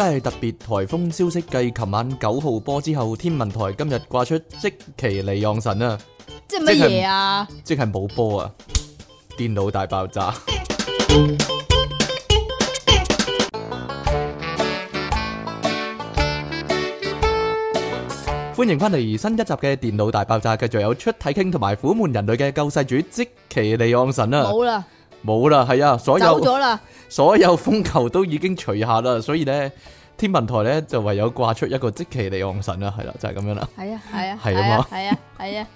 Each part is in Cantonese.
真係特別台風消息，繼琴晚九號波之後，天文台今日掛出積淇離岸神啊！即係乜嘢啊？即係冇波啊！電腦大爆炸！歡迎翻嚟新一集嘅電腦大爆炸，繼續有出體 king 同埋苦悶人類嘅救世主積淇離岸神啊！好啦。冇啦，係啊，所有走咗啦，所有風球都已經除下啦，所以咧天文台咧就唯有掛出一個積淇離岸神啦，係啦，就係咁樣啦。係啊，係啊，係啊嘛，係啊，係啊。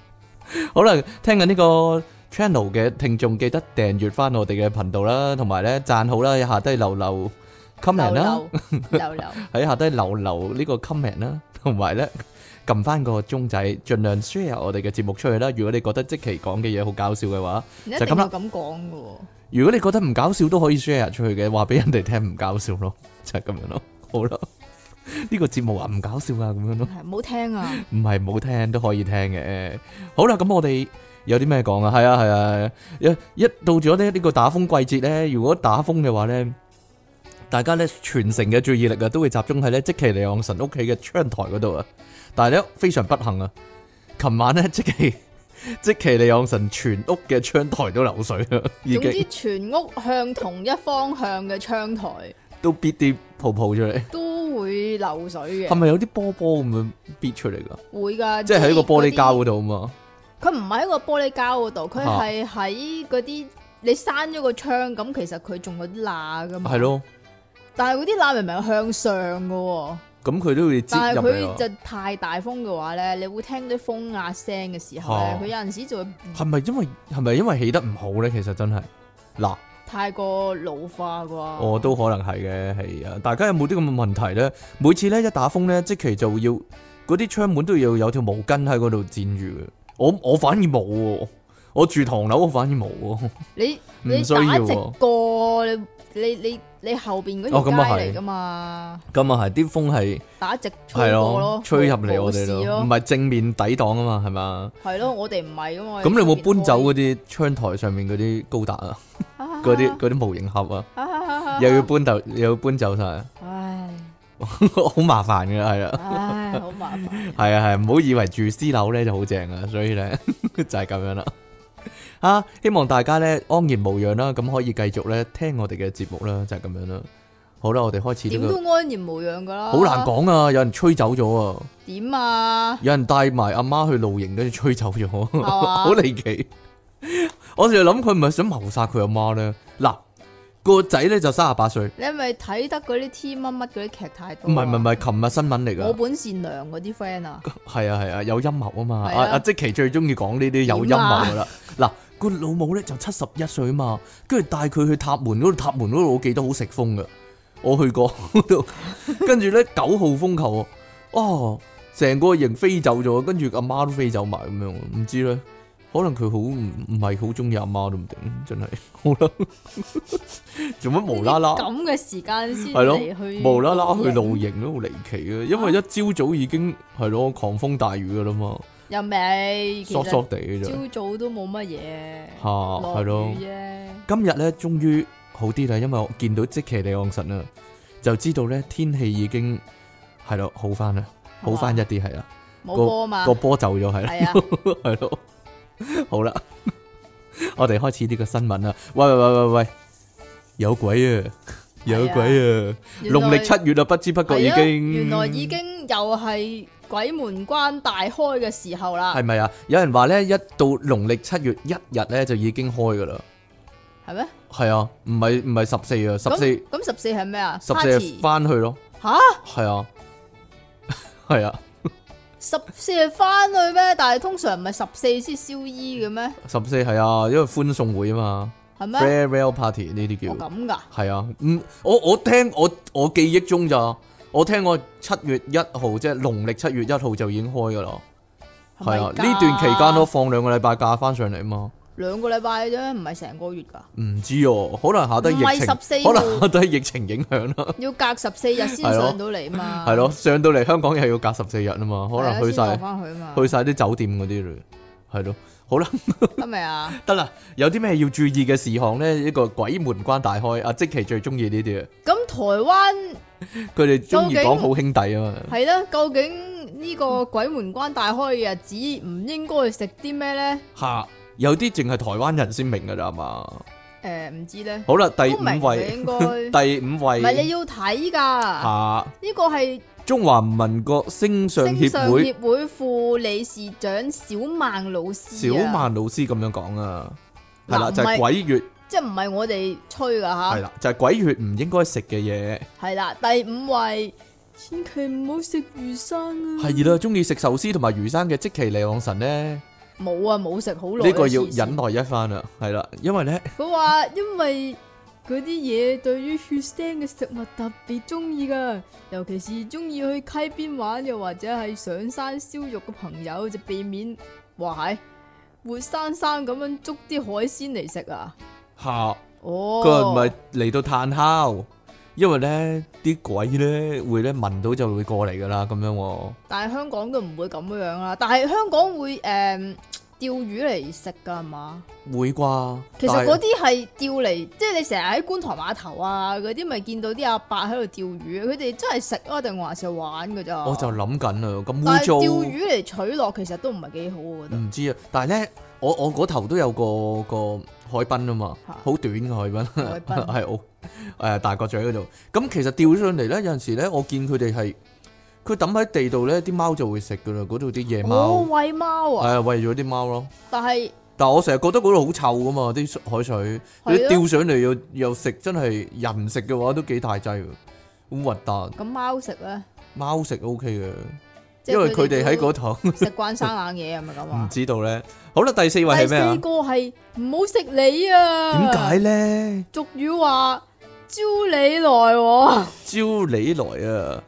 好啦，聽緊呢個 channel 嘅聽眾記得訂閱翻我哋嘅頻道啦，同埋咧讚好啦，下低留留 comment 啦，留留喺下低留留呢個 comment 啦，同埋咧。撳翻個鐘仔，盡量 share 我哋嘅節目出去啦。如果你覺得積淇講嘅嘢好搞笑嘅話，就咁啦。咁講嘅。如果你覺得唔搞笑都可以 share 出去嘅，話俾人哋聽唔搞笑咯，就係、是、咁樣咯。好啦，呢 個節目話唔搞笑啊，咁樣咯。唔好聽啊！唔係唔好聽都可以聽嘅。好啦，咁我哋有啲咩講啊？係啊，係啊，一到咗呢呢個打風季節咧，如果打風嘅話咧，大家咧全城嘅注意力啊都會集中喺咧積淇離岸神屋企嘅窗台嗰度啊。但係咧非常不幸啊！琴晚咧積淇，積淇離岸神，全屋嘅窗台都流水啊。總之全屋向同一方向嘅窗台都必啲泡泡出嚟，都會流水嘅。係咪有啲波波咁樣憋出嚟噶？會噶的，即係喺個玻璃膠嗰度啊嘛。佢唔係喺個玻璃膠嗰度，佢係喺嗰啲你閂咗個窗，咁其實佢仲有啲罅噶嘛。係咯的，但係嗰啲罅明明係向上噶。咁佢都會但係佢就太大風嘅話咧，你會聽啲風壓聲嘅時候咧，佢、啊、有陣時就會。係咪因為係咪因為起得唔好咧？其實真係嗱。太過老化啩、啊。我、哦、都可能係嘅，係啊！大家有冇啲咁嘅問題咧？每次咧一打風咧，即係就要嗰啲窗門都要有條毛巾喺嗰度纏住嘅。我我反而冇喎，我住唐樓我反而冇喎。你唔 打直過，你你。你你後邊嗰條街嚟噶嘛？咁啊係，啲風係打直吹咯，吹入嚟我哋咯，唔係正面抵擋啊嘛，係嘛？係咯，我哋唔係噶嘛。咁你有冇搬走嗰啲窗台上面嗰啲高達啊？嗰啲啲模型盒啊？又要搬走，又要搬走曬。唉，好麻煩㗎係啊。唉，好麻煩。係啊係，唔好以為住私樓咧就好正啊，所以咧就係咁樣啦。啊！希望大家咧安然無恙啦，咁可以繼續咧聽我哋嘅節目啦，就係、是、咁樣啦。好啦，我哋開始點、這個、都安然無恙噶啦，好難講啊！有人吹走咗啊？點啊？有人帶埋阿媽去露營，跟住吹走咗，好離嗎 離奇。 我成日諗佢唔係想謀殺佢阿媽咧。嗱，個仔咧就三十八歲。你係咪睇得嗰啲 T 乜乜嗰啲劇太多？唔係唔係唔係，琴日新聞嚟噶。我本善良嗰啲 friend 啊，係啊係啊，有陰謀啊嘛。阿阿積淇最中意講呢啲有陰謀噶啦。嗱、啊。 個老母咧就七十一歲啊嘛，跟住帶佢去塔門嗰度，塔門嗰度我記得好食風噶，我去過，跟住咧九號風球，哦、啊，成個營飛走咗，跟住阿媽都飛走埋咁樣，唔知咧，可能佢好唔唔係好中意阿媽都唔定，真係好啦、啊， 做乜無啦啦咁嘅時間先係囉，無啦啦去露營都好離奇啊，因為一朝早已經係咯狂風大雨噶啦嘛。又咪，疏疏地朝早都冇乜嘢，吓係咯。今日咧，終於好啲啦，因為我見到即其地旺神啦，就知道咧天氣已經係咯好翻啦，好翻一啲係啦。個波嘛，個波就走咗係啦，係咯的， 好啦， 我哋開始呢個新聞啦。喂喂喂喂喂，有鬼啊！有鬼啊！農曆的七月啊，不知不覺已經，原來已經又係。鬼門關大開嘅時候啦，係咪啊？有人話咧，一到農曆七月一日咧就已經開噶啦，係咩？係啊，唔係唔係十四啊，十四咁十四係咩啊？十四翻去咯，吓，係啊，係啊，十四翻去咩？但係通常唔係十四先燒衣嘅咩？十四係啊，因為歡送會啊嘛，係咩？farewell party 呢啲叫咁噶？係啊，唔，我我聽我我記憶中咋。我聽過七月一號即係農曆七月一號就已經開㗎啦，係啊，呢段期間都放兩個禮拜假翻上嚟嘛。兩個禮拜啫，唔係成個月㗎。唔知哦，可能下低疫情，可能下低疫情影響啦。要隔十四日先上到嚟嘛，係咯、啊啊，上到嚟香港又係要隔十四日啊嘛，可能去晒、啊、去晒啲酒店嗰啲咧，係咯、啊，好啦，係咪啊？得啦， 有啲咩要注意嘅事項咧？一個鬼門關大開，阿積淇最中意呢啲。台灣佢哋中意講好兄弟啊嘛，係啦，究竟呢個鬼門關大開嘅日子唔應該食啲咩咧？吓， 有啲淨係台灣人先明噶咋嘛？誒，唔知咧。好啦，第五位，應該 第五位，唔係你要睇噶？吓、啊，呢個係中華民國星相協會，會副理事長小孟老師、啊。小孟老師咁樣講啊，係啦，就係鬼月。即係唔係我哋吹噶吓，係啦，就係鬼血唔應該食嘅嘢。係啦，第五位，千祈唔好食魚生啊！係啦，中意食壽司同埋魚生嘅，積淇離岸神咧，冇啊，冇食好耐。呢個要忍耐一番啦，係啦，因為咧，佢話因為嗰啲嘢對於血腥嘅食物特別中意噶，尤其是中意去溪邊玩又或者係上山燒肉嘅朋友，就避免話係活生生咁樣捉啲海鮮嚟食啊！吓，佢唔係嚟到炭烤，因為咧啲鬼咧會咧聞到就會過嚟噶啦，咁樣、哦、樣。但係香港都唔會咁樣啦，但係香港會誒釣、嗯、魚嚟食噶係嘛？會啩吧？其實嗰啲係釣嚟，即係你成日喺觀塘碼頭啊嗰啲，咪見到啲阿伯喺度釣魚，佢哋真係食啊定還是玩噶咋？我就諗緊啦，咁污糟釣魚嚟取樂，其實都唔係幾好，我覺得。唔知啊，但係咧，我我嗰頭都有個個。個海濱啊嘛，好哈短嘅海濱，係澳斌，誒 大角咀嗰度。咁其實釣上嚟咧，有陣時咧，我見佢哋係佢抌喺地度咧，啲貓就會食噶啦。嗰度啲夜貓，我餵貓啊，係餵咗啲貓咯。但係是，但係我成日覺得嗰度好臭噶嘛，啲海水。的你釣上嚟又又食，真係人食嘅話都幾大劑，好核突。咁貓食咧？貓食 O K 嘅，因為佢哋喺嗰度食慣生冷嘢，係咪咁唔知道咧。好啦，第四位係咩啊？四個係唔好食你啊？點解咧？俗語話招你來，招你來啊！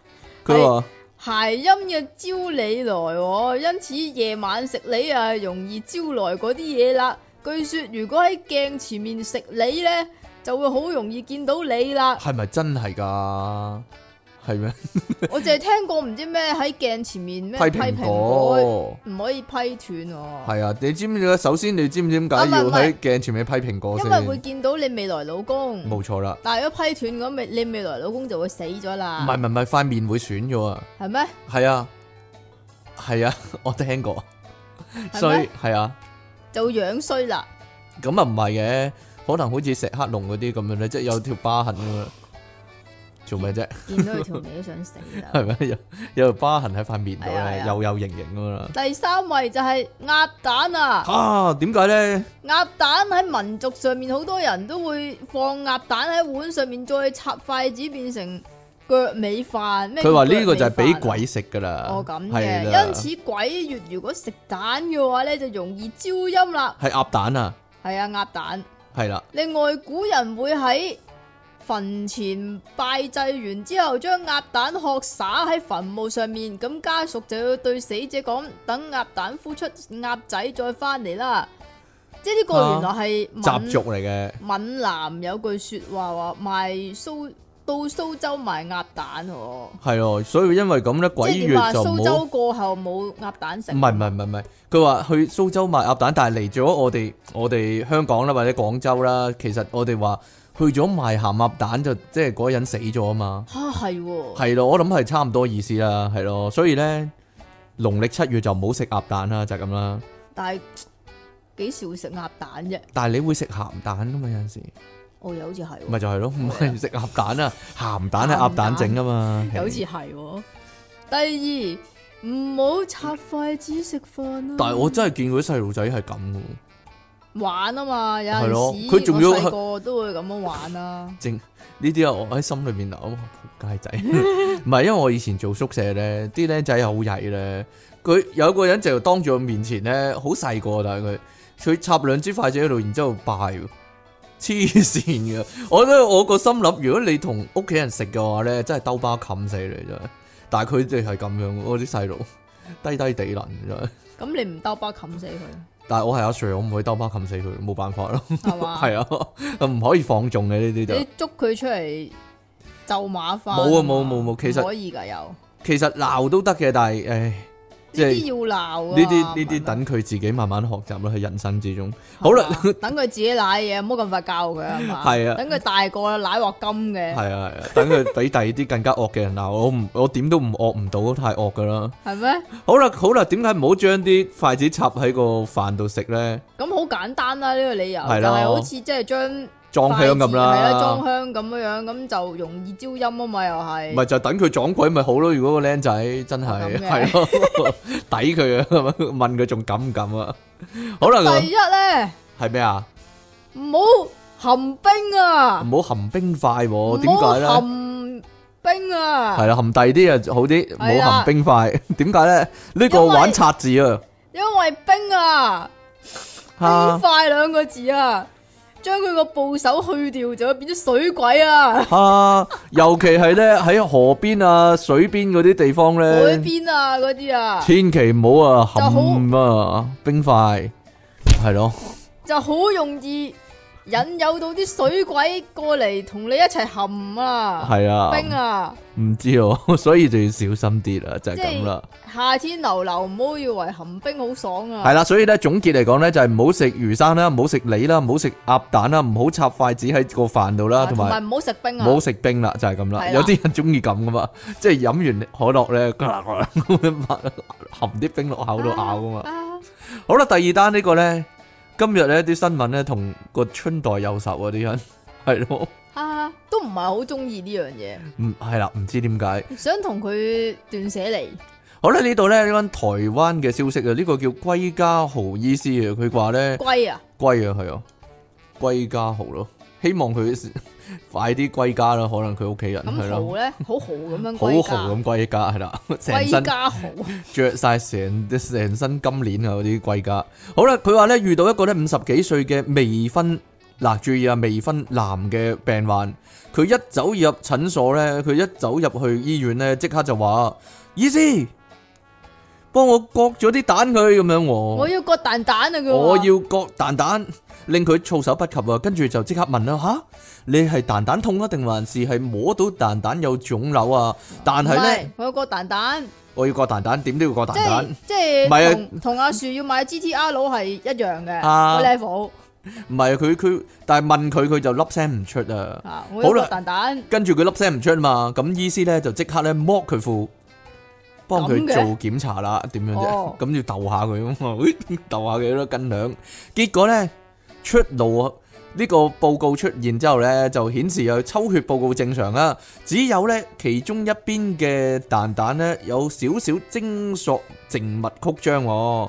佢話諧音嘅招你來，招你來啊，因此夜晚食你啊，容易招來嗰啲嘢啦。據說如果喺鏡前面食你咧，就會好容易見到你啦。係咪真係噶？係咩？是 我淨係聽過唔知咩喺鏡前面咩批蘋果評，唔可以批斷哦。係啊，你知唔知首先你知唔知點解要喺鏡前面批蘋果？因為會見到你未來老公。冇錯啦。但係如果批斷咁咪你未來老公就會死咗啦。唔係唔係唔係，塊面會損咗嗎啊。係咩？係啊，係啊，我聽過，衰係嗎啊，就會樣衰啦。咁啊唔係嘅，可能好似石黑龍嗰啲咁樣咧，即係有條疤痕咁。做咩啫？見到佢條尾都想死啦 是吧！係 咩？有有疤痕喺塊面度啊對，啊、又有型型咁啦。第三位就係鴨蛋啊！嚇點解咧？呢鴨蛋喺民俗上面，好多人都會放鴨蛋喺碗上面，再插筷子變成腳尾飯。佢話呢個就係俾鬼食噶啦。哦咁嘅，的因此鬼月如果食蛋嘅話咧，就容易招陰啦。係鴨蛋啊！係啊，鴨蛋係啦。另外的，古人會喺墳前拜祭完之後，將鴨蛋殼撒喺墳墓上面，咁家屬就要對死者講：等鴨蛋孵出鴨仔再翻嚟啦。即係呢個原來係習、啊、俗嚟嘅。閩南有句話說話話賣蘇到蘇州賣鴨蛋，係哦，所以因為咁咧，鬼月就唔好。蘇州過後冇鴨蛋食。唔係唔係唔係，佢話去蘇州賣鴨蛋，但係嚟咗我哋我哋香港啦或者廣州啦，其實我哋話。去咗賣鹹鴨蛋就即係嗰人死咗啊嘛吓，係係咯，我諗係差唔多意思啦，係咯，所以咧，農曆七月就唔好食鴨蛋啦，就係咁啦。但係幾時會食鴨蛋啫？但係你會食鹹蛋噶嘛？有陣時哦，又好似係咪就係咯？唔係食鴨蛋啊，鹹蛋係鴨蛋整啊嘛，又好似係。第二唔好拆筷子食飯啊！但係我真係見過啲細路仔係咁。玩啊嘛，有陣時佢仲要個都會咁樣玩啦。正呢啲啊，我喺心裏面啊，我仆街仔。唔係 因為我以前做宿舍咧，啲僆仔好曳咧。佢有個人就當住我面前咧，好細個但係佢，佢插兩支筷子喺度，然之後拜，黐線嘅。我覺得我個心諗，如果你同屋企人食嘅話咧，真係兜巴冚死你真係。但係佢哋係咁樣，我啲細路低低地諗真係。咁你唔兜巴冚死佢？但係我係阿 Sir，我唔可以兜巴冚死佢，冇辦法咯。係嘛吧？係啊，唔可以放縱嘅呢啲就。你捉佢出嚟就馬化。冇啊冇冇冇，其實可以噶有。其實鬧都得嘅，但係，誒。呢啲要鬧啊，呢啲呢啲等佢自己慢慢學習啦，喺人生之中。吧好啦，等佢 自己舐嘢，唔好咁快教佢係嘛？係啊，等佢大個舐鑊金嘅。係啊，等佢俾第二啲更加惡嘅人鬧， 我唔我點都唔惡唔到太惡噶啦。係咩嗎？好啦好啦，點解唔好將啲筷子插喺個飯度食咧？咁好簡單啦，啊，呢，這個理由，啊，就係好似即係將。裝香咁啦，係啦，裝香咁樣樣，咁就容易招陰啊嘛，又係。唔係就等佢撞鬼咪好咯，如果個僆仔真係，係咯，抵佢啊，問佢仲敢唔敢啊？好啦，第一咧，係咩啊？唔好含冰啊！唔好含冰塊，點解咧？含冰啊，係啦，含第啲啊，好啲，唔好含冰塊，點解咧？呢個玩拆字啊，因為冰啊，冰塊兩個字啊。將佢個部首去掉，就會變咗水鬼啊！ 啊，尤其係咧喺河邊啊、水邊嗰啲地方咧，海邊啊嗰啲啊，千祈唔好啊，含啊，就好啊冰塊，係咯，就好容易引誘到啲水鬼過嚟同你一齊含啊！係啊，冰啊！唔知哦，所以就要小心啲啦，就係咁啦。夏天流流唔好以為含冰好爽啊。係啦，所以咧總結嚟講咧就係唔好食魚生啦，唔好食梨啦，唔好食鴨蛋啦，唔好插筷子喺個飯度啦，同埋唔好食冰啊，唔好食冰啦，就係咁啦。了有啲人中意咁噶嘛，即係飲完可樂咧，了 含啲冰落口度咬噶嘛。啊啊，好啦，第二單個呢個咧，今日呢啲新聞咧同個春代有仇 了啊啲人，係咯。都唔係、嗯、好中意呢樣嘢，嗯，係啦，唔知點解想同佢斷捨離。好啦，呢度咧，呢班台灣嘅消息啊，呢、這個叫歸家豪醫師啊，佢話咧，歸啊，歸啊，係啊，歸家豪咯，希望佢快啲歸家啦，可能佢屋企人係啦，好豪咧，了好豪咁樣，好 豪咁歸家係啦，歸家豪，着晒成成身金鏈啊嗰啲歸家。好啦，佢話咧，遇到一個咧五十幾歲嘅未婚嗱，注意啊未婚男嘅病患。佢一走入診所咧，佢一走入去醫院咧，即刻就話：醫師，幫我割咗啲蛋佢咁樣。我要割蛋蛋啊！佢我要割蛋蛋，令佢措手不及啊！跟住就即刻問啦：吓，你係蛋蛋痛啊，定還是係摸到蛋蛋有腫瘤啊？但係咧，我要割蛋蛋，我要割蛋蛋，點都要割蛋蛋。即係唔係啊？同阿樹要買 GTR 佬係一樣嘅 level。唔係佢佢，但係問佢佢就粒聲唔出啊。蛋蛋好啦，跟住佢粒聲唔出啊嘛，咁醫師咧就即刻咧剝佢褲，幫佢做檢查啦，點樣啫？咁要逗下佢咁嘛，逗 下佢咯斤兩。結果咧出爐啊呢、這個報告出現之後咧，就顯示啊抽血報告正常啦、啊，只有咧其中一邊嘅蛋蛋咧有少少精索靜脈曲張、啊。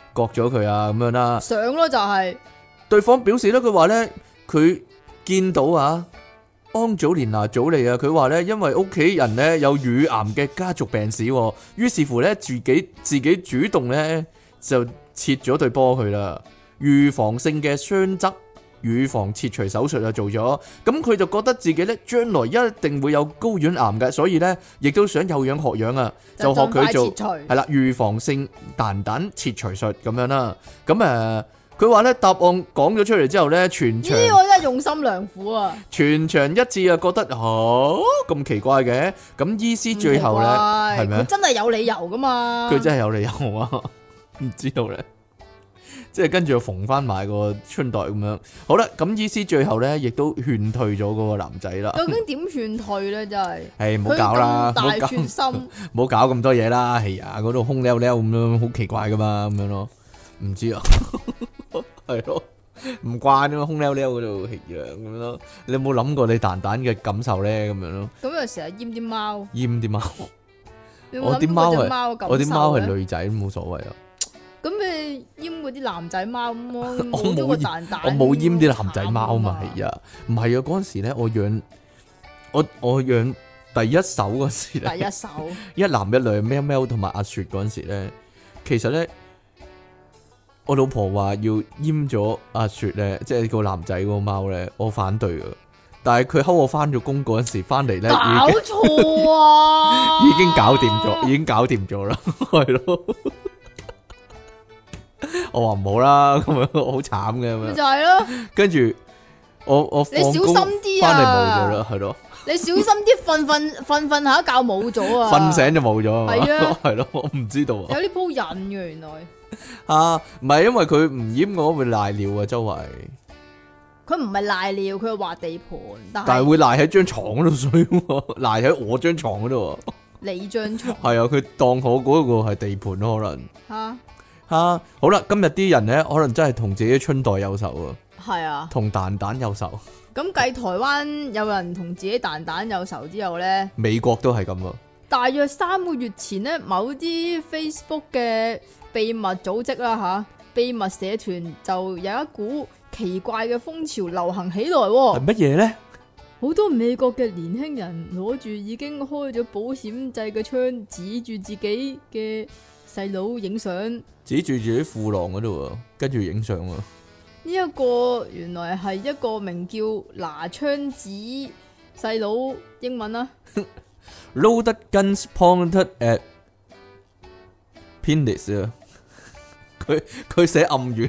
割咗佢啊，咁樣啦，上咯就係、是。對方表示咧，佢話咧，佢見到啊，安祖蓮娜祖莉啊，佢話咧，因為屋企人咧有乳癌嘅家族病史、啊，於是乎咧，自己自己主動咧就切咗對波佢啦，預防性嘅雙側。預防切除手術就做咗，咁佢就覺得自己呢將來一定會有睾丸癌嘅，所以呢亦都想有樣學樣啊，正正就學佢做係啦預防性蛋蛋切除術咁樣啦。咁誒，佢、嗯、話呢答案講咗出嚟之後呢，全場呢個真係用心良苦啊！全場一致啊，覺得好，咁、哦、奇怪嘅。咁醫師最後呢，係咪？嗎真係有理由噶嘛？佢真係有理由啊？唔 知道呢。即係跟住又縫翻埋個春袋咁樣，好啦，咁意思最後咧，亦都勸退咗嗰個男仔啦。究竟點勸退咧？真係，誒唔好搞啦，唔好搞咁多嘢啦。哎呀，嗰度空溜溜咁樣，好奇怪噶嘛，咁樣咯，唔知啊，係咯，唔慣咯，空溜溜嗰度吸氧咁樣咯。你有冇諗過你蛋蛋嘅感受咧？咁樣咯。咁又成日閹啲貓。閹啲貓。我啲貓係，我啲貓係女仔，冇所謂啊。咁咪閹嗰啲男仔貓好咗個蛋蛋！我冇閹啲男仔貓嘛？係啊！唔係啊！嗰陣時咧，我養我我養第一手嗰時，第一手一男一女，喵喵同埋阿雪嗰陣時咧，其實咧，我老婆話要閹咗阿雪咧，即係個男仔嗰個貓咧，我反對噶。但係佢喺我翻咗工嗰陣時翻嚟咧，搞錯啊 已搞！已經搞掂咗，已經搞掂咗啦，係咯。我話唔好啦，咁樣好慘嘅咁樣。就係咯，跟住我我你小心啲啊！翻嚟冇咗咯，係咯。你小心啲，瞓瞓瞓瞓下一覺冇咗啊！瞓醒就冇咗啊！係咯，係咯，我唔知道啊！有啲鋪人原來。啊，唔係因為佢唔閹我，會瀨尿啊周圍。佢唔係瀨尿，佢劃地盤。但係會瀨喺張床嗰度水，瀨喺我張床嗰度，你張床。係啊，佢當我嗰個係地盤可能。吓？啊，好啦，今日啲人呢，可能真係同自己春代有仇啊，係啊，同蛋蛋有仇。咁繼台灣有人同自己蛋蛋有仇之後呢，美國都係咁啊。大約三個月前呢，某啲 Facebook 嘅秘密組織啦嚇、啊，秘密社團就有一股奇怪嘅風潮流行起來喎。係乜嘢呢？好多美國嘅年輕人攞住已經開咗保險掣嘅槍指住自己嘅。細佬影相，弟弟指住自己褲浪嗰度，跟住影相啊！呢一個原來係一個名叫拿槍子細佬，英文啊，loaded guns pointed at penis 啊！佢，佢寫暗語，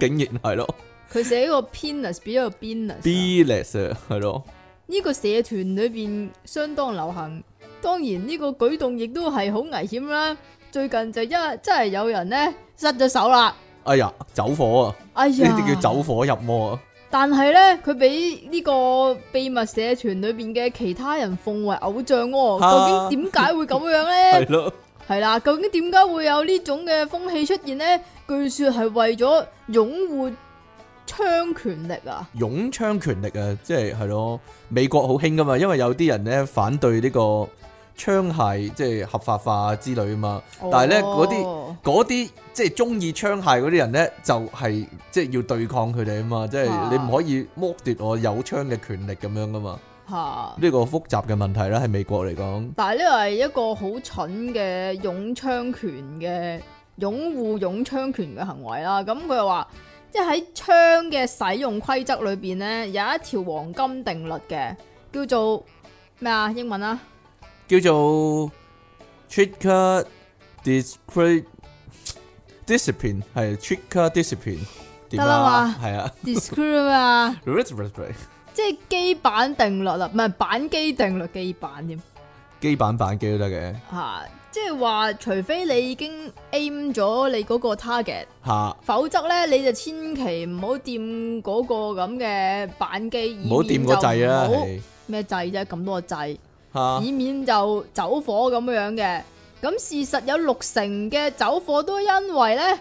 竟然係咯，佢寫個 penis s 比較 benis p i n s s 係咯。呢個社團裏邊相當流行，當然呢個舉動亦都係好危險啦、啊。最近就因為真係有人咧失咗手啦！哎呀，走火啊！呢啲，哎、呀叫走火入魔啊！但係咧，佢俾呢個秘密社團裏邊嘅其他人奉為偶像哦、啊。啊，究竟點解會咁樣咧？係 咯，係啦。究竟點解會有呢種嘅風氣出現咧？據說係為咗擁護槍權力啊！擁槍權力啊！即係係咯，美國好興噶嘛，因為有啲人咧反對呢、這個。槍械即係合法化之類啊嘛，oh. 但係咧，嗰啲嗰啲即係中意槍械嗰啲人咧，就係、是、即係要對抗佢哋啊嘛，oh. 即係你唔可以剝奪我有槍嘅權力咁樣噶嘛。係呢、oh. 個複雜嘅問題啦，喺美國嚟講。但係呢個係一個好蠢嘅擁槍權嘅擁護，擁槍權嘅行為啦。咁佢又話，即係喺槍嘅使用規則裏邊咧，有一條黃金定律嘅，叫做咩啊，英文啊？叫做 trigger discipline 係 trigger discipline 點啊？係啊 discrim 啊 r e s e 即係基板定律啦，唔係板機定律，基板添，基板板機都得嘅吓，即係話除非你已經 aim 咗你嗰個 target 吓，啊，否則咧你就千祈唔好掂嗰個咁嘅板機，唔好掂個掣啊！咩掣啫？咁多個掣。以免就走火咁樣嘅，咁事實有六成嘅走火都因為咧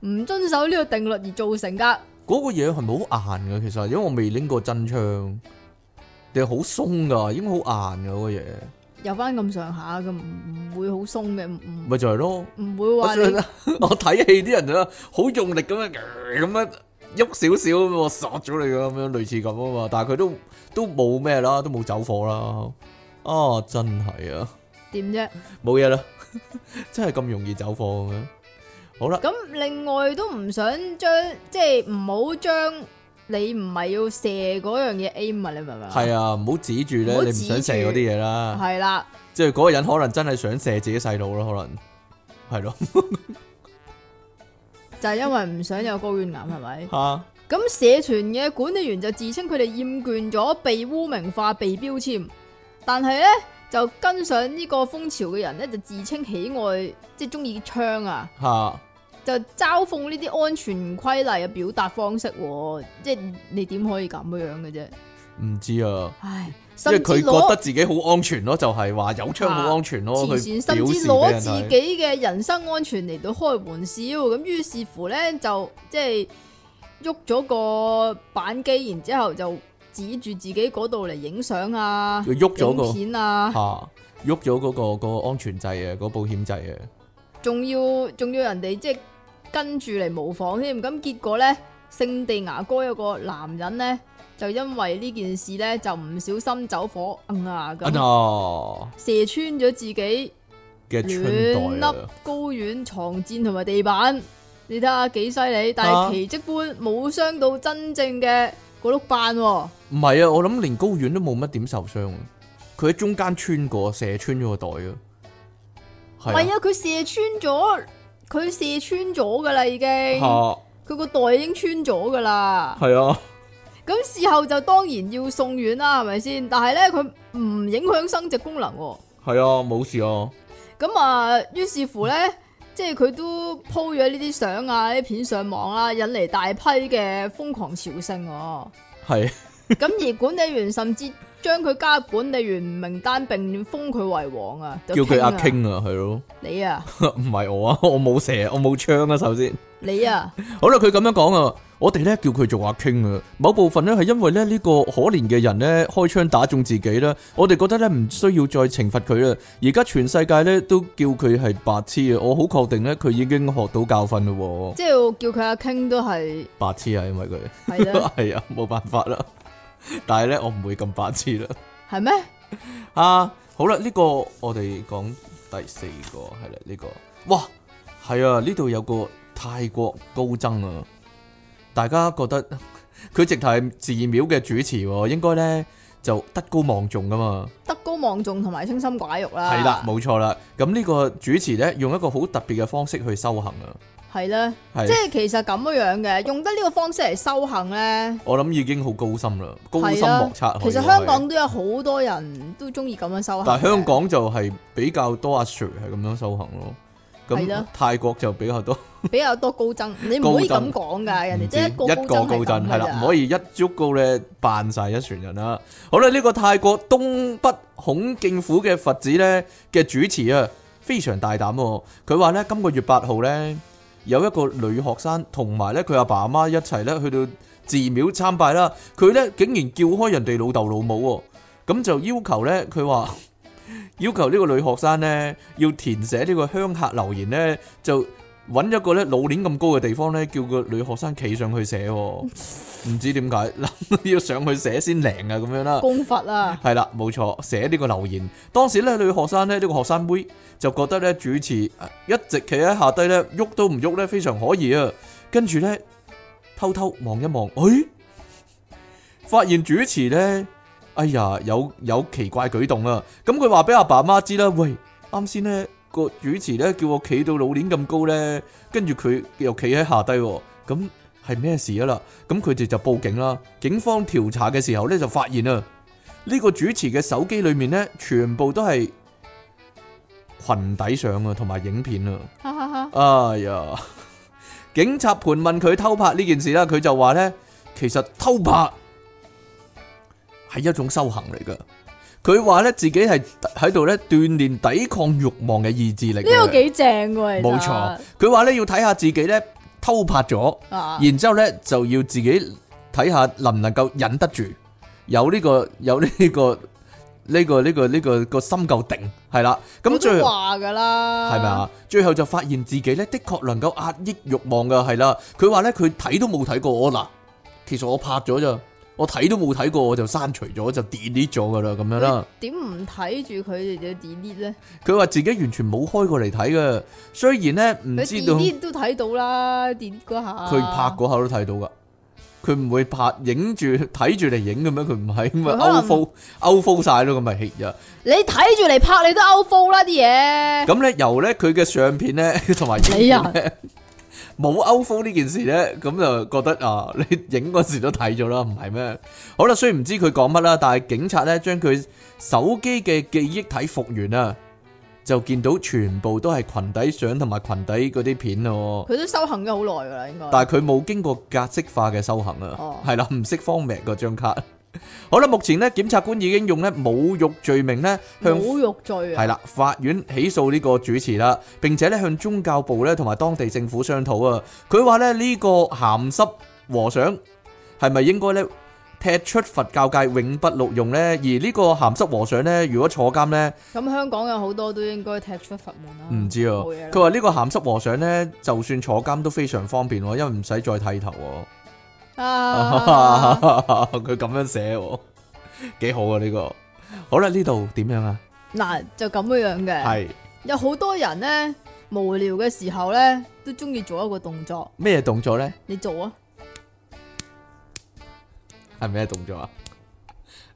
唔遵守呢個定律而造成噶。嗰個嘢係咪好硬噶？其實因為我未拎過真槍，定係好鬆噶？應該好硬噶嗰個嘢。有翻咁上下噶，唔唔會好鬆嘅，咪就係咯，唔會話我睇戲啲人就，好用力咁樣咁樣喐少少，我索咗你咁樣類似咁啊嘛，但係佢都。都冇咩啦，都冇走火啦。啊，真係啊。點啫？冇嘢啦。真係咁容易走火嘅。好啦。咁另外都唔想將，即係唔好將你唔係要射嗰樣嘢 aim 啊！你明唔明啊？係啊，唔好指住咧，你唔想射嗰啲嘢啦。係啦。即係嗰個人可能真係想射自己細路咯，可能係咯。就係因為唔想有睾丸癌，係咪？啊。咁社群嘅管理員就自稱佢哋厭倦咗被污名化、被標籤，但係呢，就跟上呢個風潮嘅人呢，就自稱喜愛即係中意槍啊，就嘲諷呢啲安全規例嘅表達方式，即係你點可以咁樣嘅啫？唔知啊，唉，因為佢覺得自己好安全咯，就係、是、話有槍好安全咯，佢、啊、甚至攞自己嘅人身安全嚟到開玩笑，咁於、啊、是乎呢，就即係。喐咗個板機，然之後就指住自己嗰度嚟影相啊，又喐咗個片啊，吓、啊，喐咗嗰個、嗰個安全掣啊，嗰個保險掣啊，仲要仲要人哋即係跟住嚟模仿添，咁結果咧聖地牙哥有個男人咧就因為呢件事咧就唔小心走火，嗯啊咁射穿咗自己嘅春、啊、袋，睾丸床墊同埋地板。你睇下幾犀利，但係奇蹟般冇傷到真正嘅骨碌瓣。唔係啊，我諗連睾丸都冇乜點受傷啊，佢喺中間穿過射穿咗個袋啊。係啊，佢射穿咗，佢射穿咗噶啦，已經。佢個、啊、袋已經穿咗噶啦。係啊。咁事後就當然要送院啦，係咪先？但係咧，佢唔影響生殖功能。係啊，冇事啊。咁啊，於是乎咧。 即係佢都 po 咗呢啲相啊，啲片上網啦、啊，引嚟大批嘅瘋狂朝聖、啊。係，咁而管理員甚至將佢加入管理員名單，並封佢為王啊！叫佢阿 king 啊，係咯、啊？你啊？唔係 我啊，我冇射，我冇槍啊，首先。你啊？ 好啦，佢咁樣講啊。我哋咧叫佢做阿 King 啊，某部分咧係因為咧呢個可憐嘅人咧開槍打中自己啦，我哋覺得咧唔需要再懲罰佢啦。而家全世界咧都叫佢係白痴啊，我好確定咧佢已經學到教訓咯。即係叫佢阿 King 都係白痴啊，因為佢係呢 啊冇辦法啦。但係咧我唔會咁白痴啦。係咩嗎？啊，好啦，呢個我哋講第四個係啦，呢個哇係啊，呢度有個泰國高僧啊。大家覺得佢直頭係寺廟嘅主持喎，應該咧就德高望重噶嘛。德高望重同埋清心寡欲啦。係啦，冇錯啦。咁呢個主持呢，用一個好特別嘅方式去修行啊。係啦的，的即係其實咁樣嘅，用得呢個方式嚟修行呢，我諗已經好高深啦。高深莫測。其實香港都有好多人都中意咁樣修行。但係香港就係比較多阿 sir 係咁樣修行咯。咁泰國就比較多，比較多高僧。 真你唔可以咁講㗎。真人哋即係一個高僧係啦，唔可以一足高咧扮晒一船人啦。好啦，呢、這個泰國東北孔敬府嘅佛寺咧嘅主持啊，非常大膽喎、哦。佢話咧，今個月八號咧，有一個女學生同埋咧佢阿爸阿媽一齊咧去到寺廟參拜啦。佢咧竟然叫開人哋老豆老母喎、哦，咁就要求咧，佢話。要求呢個女學生呢，要填寫呢個鄉客留言呢，就揾一個呢老年咁高嘅地方呢，叫個女學生企上去寫喎，唔知點解諗要上去寫先靈啊，咁樣啦，功法啦，係啦，冇錯，寫呢個留言。當時呢，女學生呢，呢個學生妹就覺得呢，主持一直企喺下低呢，喐都唔喐呢，非常可疑啊。跟住呢，偷偷望一望，咦，發現主持呢。哎呀，有有奇怪舉動啊！咁佢話俾阿爸媽知啦，喂，啱先呢、呢個主持呢，叫我企到老鏈咁高呢，跟住佢又企喺下低、啊，咁係咩事啊啦？咁佢哋就報警啦。警方調查嘅時候呢，就發現啊，呢、呢個主持嘅手機裏面呢，全部都係裙底相啊，同埋影片啊。 哎呀！警察盤問佢偷拍呢件事啦，佢就話呢，其實偷拍，係一種修行嚟噶，佢話咧自己係喺度咧鍛煉抵抗欲望嘅意志力。呢個幾正喎，冇錯錯。佢話咧要睇下自己咧偷拍咗，啊、然之後咧就要自己睇下能唔能夠忍得住，有呢、這個有呢、這個呢、 這個呢、這個呢、這個、這個、這個、心夠定係啦。咁最後話噶啦，係咪啊？最後就發現自己咧的確能夠壓抑欲望噶，係啦。佢話咧佢睇都冇睇過我嗱，其實我拍咗咋。我睇都冇睇過，我就刪除咗，就 delete 咗噶啦，咁樣啦。點唔睇住佢哋就 delete 咧？佢話自己完全冇開過嚟睇噶，雖然咧唔知道。delete 都睇到啦嗰下。佢拍嗰下都睇到噶，佢唔會拍影住睇住嚟影噶咩？佢唔係咁咪 out foul out foul 晒咯，咁咪 heat 啊！你睇住嚟拍，你都 out foul 啦啲嘢。咁咧由咧佢嘅相片咧同埋。 冇歐風呢件事呢，咁就覺得啊，你影嗰時都睇咗啦，唔係咩？好啦，雖然唔知佢講乜啦，但係警察咧將佢手機嘅記憶體復原啊，就見到全部都係裙底相同埋裙底嗰啲片咯。佢都修行咗好耐㗎啦，應該。但係佢冇經過格式化嘅修行啊，係啦、哦，唔識方明嗰張卡。好啦，目前呢，檢察官已經用呢侮辱罪名呢向侮辱罪係啦，法院起訴呢個主持啦，並且呢向宗教部呢同埋當地政府商討啊。佢話呢呢個鹹濕和尚係咪應該呢踢出佛教界永不錄用呢？而呢個鹹濕和尚呢，如果坐監呢，咁香港有好多都應該踢出佛門啦。唔知啊，佢話呢個鹹濕和尚呢，就算坐監都非常方便，因為唔使再剃頭。啊！佢咁樣寫，哦，幾 好啊呢個。好啦，呢度點樣啊？嗱，就咁樣樣嘅。係。有好多人咧，無聊嘅時候咧，都中意做一個動作。咩動作咧？你做啊。係咩動作啊？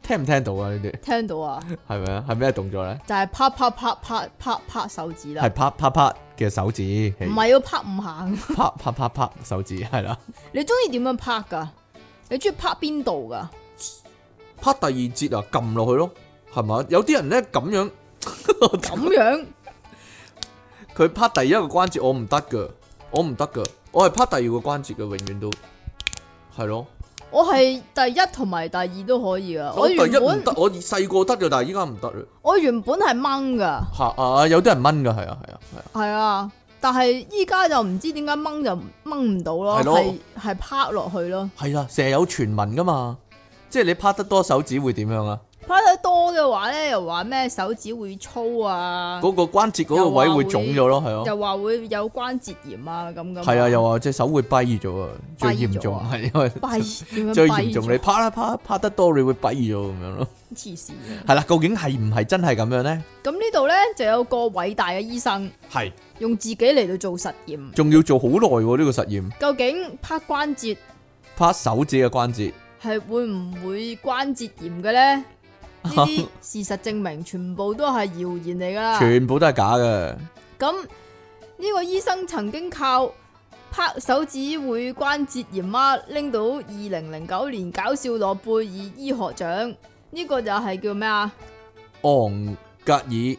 聽唔聽到啊？呢啲聽到啊，係咪啊？係咩動作咧？就係啪啪啪啪啪啪手指啦，係啪啪啪嘅手指，唔係要啪唔行，啪啪啪啪手指係啦。你中意點樣拍噶？你中意拍邊度噶？拍第二節啊，撳落去咯，係咪？有啲人咧咁樣咁樣，佢拍第一個關節，我唔得噶，我唔得噶，我係拍第二個關節嘅，永遠都係咯。我係第一同埋第二都可以啊！我，我第一唔得，我細個得噶，但係依家唔得，我原本係掹噶，吓啊！有啲人掹噶，係啊係啊係啊！係啊，啊，啊，但係依家就唔知點解掹就掹唔到咯，係係啪落去咯。係啊，成日、啊、有傳聞噶嘛，即係你啪得多手指會點樣啊？拍得多嘅話咧，又話咩手指會粗啊？嗰個關節嗰個位會腫咗咯，係啊，又話會有關節炎啊，咁咁。係啊，又話隻手會跛咗啊，最嚴重係因為最嚴重你拍啦拍啦拍得多你會跛咗咁樣咯，黐線啊！係啦、啊啊，究竟係唔係真係咁樣咧？咁呢度咧就有個偉大嘅醫生，係是用自己嚟到做實驗，仲要做好耐呢個實驗？究竟拍關節、拍手指嘅關節係會唔會關節炎嘅咧？呢啲事實證明，全部都係謠言嚟噶啦！全部都係假嘅。咁呢個醫生曾經靠拍手指會關節炎媽媽，媽拎到二零零九年搞笑諾貝爾醫學獎。呢個就係叫咩啊？昂格爾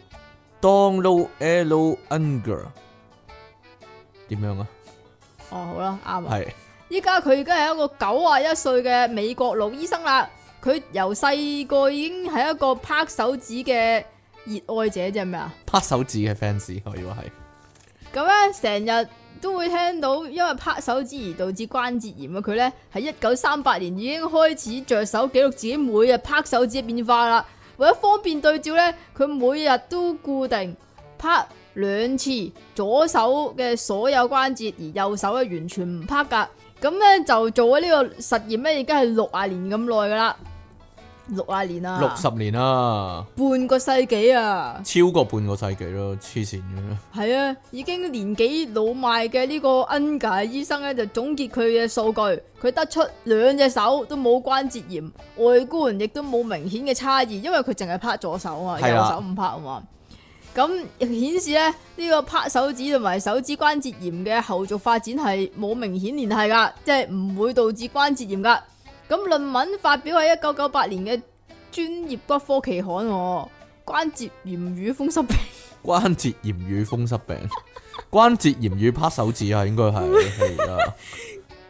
Don L. Unger 點樣啊？哦，好啦，啱啊。係是。依家佢已經係一個九啊一歲嘅美國老醫生啦。佢由細個已經係一個拍手指嘅熱愛者啫，係咩啊？拍手指嘅 fans，我以為係。咁咧，成日都會聽到因為拍手指而導致關節炎啊！佢咧喺一九三八年已經開始着手記錄自己每日拍手指嘅變化啦。為咗方便對照咧，佢每日都固定拍兩次左手嘅所有關節，而右手咧完全唔拍噶。咁咧就做咗呢個實驗咧，已經係六啊年咁耐噶啦。六廿年啦，六十年啦，半個世紀啊，超過半個世紀咯，黐線嘅。係啊，已經年紀老邁嘅呢個恩介、er、醫生咧，就總結佢嘅數據，佢得出兩隻手都冇關節炎，外觀亦都冇明顯嘅差異，因為佢淨係拍左手啊，右手唔拍啊嘛。咁顯是的、嗯、示咧呢、這個拍手指同埋手指關節炎嘅後續發展係冇明顯聯繫噶，即係唔會導致關節炎噶。咁論文發表喺一九九八年嘅專業骨科期刊。我、哦、關節炎與風濕病，關節炎與風濕病， 關節炎與拍手指啊，應該係係啊。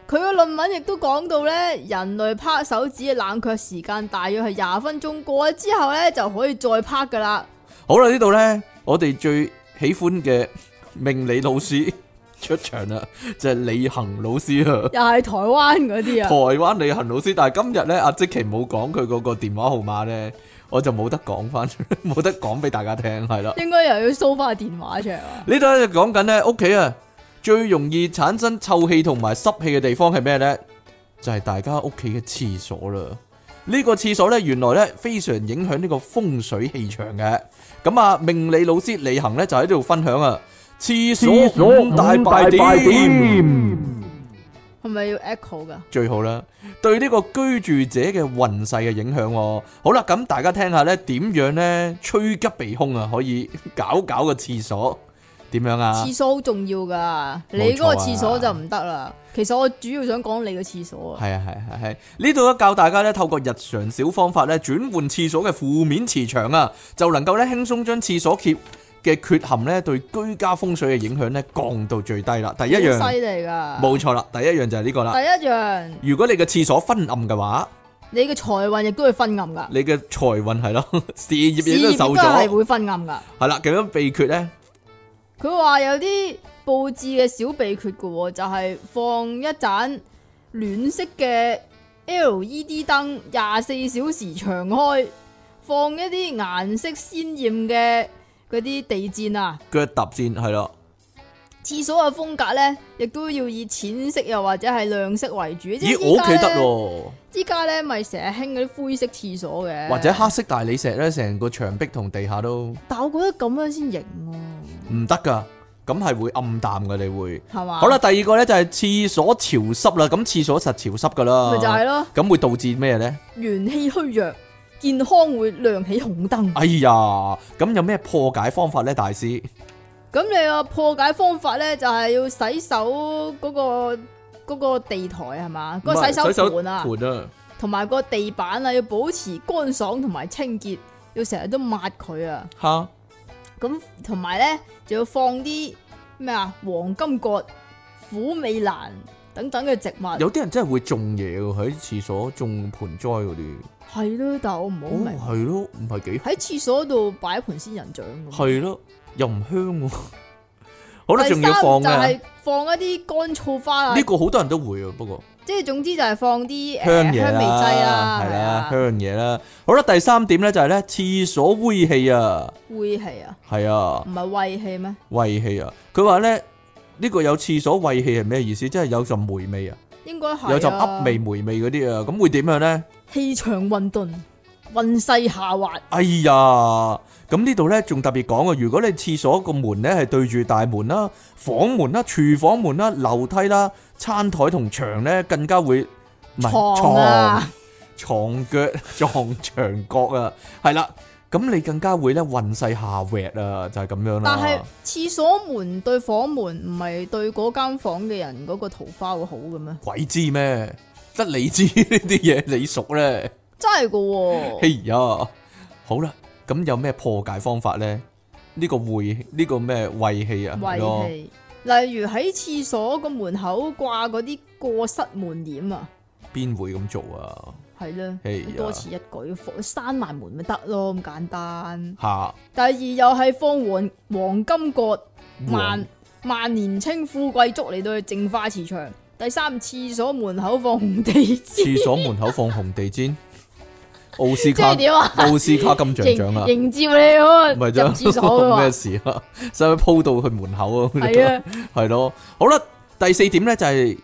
佢個論文亦都講到咧，人類拍手指嘅冷卻時間大約係廿分鐘，過咗之後咧就可以再拍噶啦。好啦，呢度咧我哋最喜歡嘅命理老師。 出場啦，就係、是、李恒老師啊，又係台灣嗰啲啊，台灣李恒老師，但係今日呢，阿積淇冇講佢嗰個電話號碼呢，我就冇得講翻，冇 得講俾大家聽，係咯，應該又要搜翻電話出嚟。呢度，咧就講緊咧屋企啊，最容易產生臭氣同埋濕氣嘅地方係咩呢？就係、是、大家屋企嘅廁所啦。呢、這個廁所呢，原來呢，非常影響呢個風水氣場嘅。咁啊命理老師李恒呢，就喺度分享啊。廁所五大敗點係咪要 echo 噶？最好啦，對呢個居住者嘅運勢嘅影響，喔。好啦，咁大家聽下呢點樣呢？吹吉避凶啊，可以搞搞個廁所點樣啊？廁所好重要噶，你嗰個廁所就唔得啦。其實我主要想講你嘅廁所係？啊。係啊係係係，呢度咧教大家呢，透過日常小方法呢，轉換廁所嘅負面磁場啊，就能夠呢輕鬆將廁所貼嘅缺陷咧，對居家風水嘅影響咧，降到最低啦。第一樣，犀利噶，冇錯啦。第一樣就係呢個啦。第一樣，如果你嘅廁所昏暗嘅話，你嘅財運亦都會昏暗噶。你嘅財運係咯，事業亦都手受咗，係會昏暗噶。係啦，咁樣秘訣咧，佢話有啲佈置嘅小秘訣嘅喎，就係、是、放一盞暖色嘅 L E D 燈，廿四小時長開，放一啲顏色鮮豔嘅。嗰啲地氈啊，腳踏墊係咯。廁所嘅風格咧，亦都要以淺色又或者係亮色為主。咦，我屋企得喎。依家咧咪成日興嗰啲灰色廁所嘅，或者黑色大理石咧，成個牆壁同地下都。但係我覺得咁樣先型喎。唔得噶，咁係會暗淡噶，你會。係嘛？好啦，第二個咧就係廁所潮濕啦，咁廁所實潮濕噶啦。咪就係咯。咁會導致咩咧？元氣虛弱。健康會亮起紅燈。哎呀，咁有咩破解方法咧，大師？咁你個破解方法咧，就係、是、要洗手嗰、那個、那個地台係嘛，是是個洗手盆啊，同埋、啊、個地板啊，要保持乾爽同埋清潔，要成日都抹佢啊。吓哈，咁同埋咧，就要放啲咩啊？黃金葛、虎尾蘭等等嘅植物。有啲人真係會種嘢，喺廁所種盆栽嗰啲。係咯，但係我唔好明。係咯，唔係幾喺廁所度擺一盆仙人掌。係咯，又唔香。好啦仲要放，就係放一啲乾燥花啊。呢個好多人都會啊，不過即係總之就係放啲香香味劑啦，係啦，香嘢啦。好啦，第三點咧就係咧廁所穢氣啊，穢氣啊，係啊，唔係胃氣咩？胃氣啊！佢話咧呢個有廁所胃氣係咩意思？即係有陣霉味啊，應該係有陣噏味、霉味嗰啲啊，咁會點樣咧？氣場混沌，運勢下滑。哎呀，咁呢度呢仲特別講啊，如果你廁所個門呢係對住大門啦、房門啦、廚房門啦、樓梯啦、餐台同牆呢更加會唔係床床腳撞牆角啊，係啦，咁 你更加會呢運勢下滑啊，就係、是、咁樣啦。但係廁所門對房門唔係對嗰間房嘅人嗰個桃花會好嘅咩？鬼知咩？得你知呢啲嘢，你熟咧呢，真係噶喎！哎 呀，好啦，咁有咩破解方法咧？呢、這個穢，呢、這個咩穢氣啊？穢氣，棄吧例如喺廁所個門口掛嗰啲過失門簾啊！邊會咁做啊？係啦了， 多此一舉，封閂埋門咪得咯，咁簡單。吓哈，第二又係放黃黃金葛萬王萬年青富貴竹嚟去淨化磁場。第三，廁所門口放紅地氈，廁所門口放紅地氈，奧斯卡奧斯卡金像獎啊！迎接你唔入廁所嘅話，咩事啊？使唔使鋪到去門口啊？係啊，係咯，好啦，第四點咧就係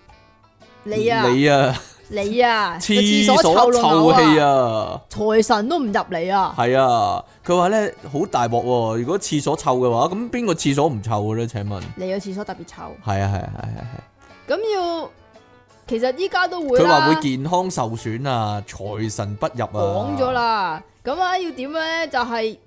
你啊！你啊你啊，個廁所臭氣啊！財神都唔入嚟啊！係啊，佢話咧好大鑊，如果廁所臭嘅話，咁邊個廁所唔臭嘅咧？請問你個廁所特別臭，係啊係啊係係係。咁要，其實依家都會，佢話會健康受損啊，財神不入啊。講咗啦，咁啊要點咧就係、是、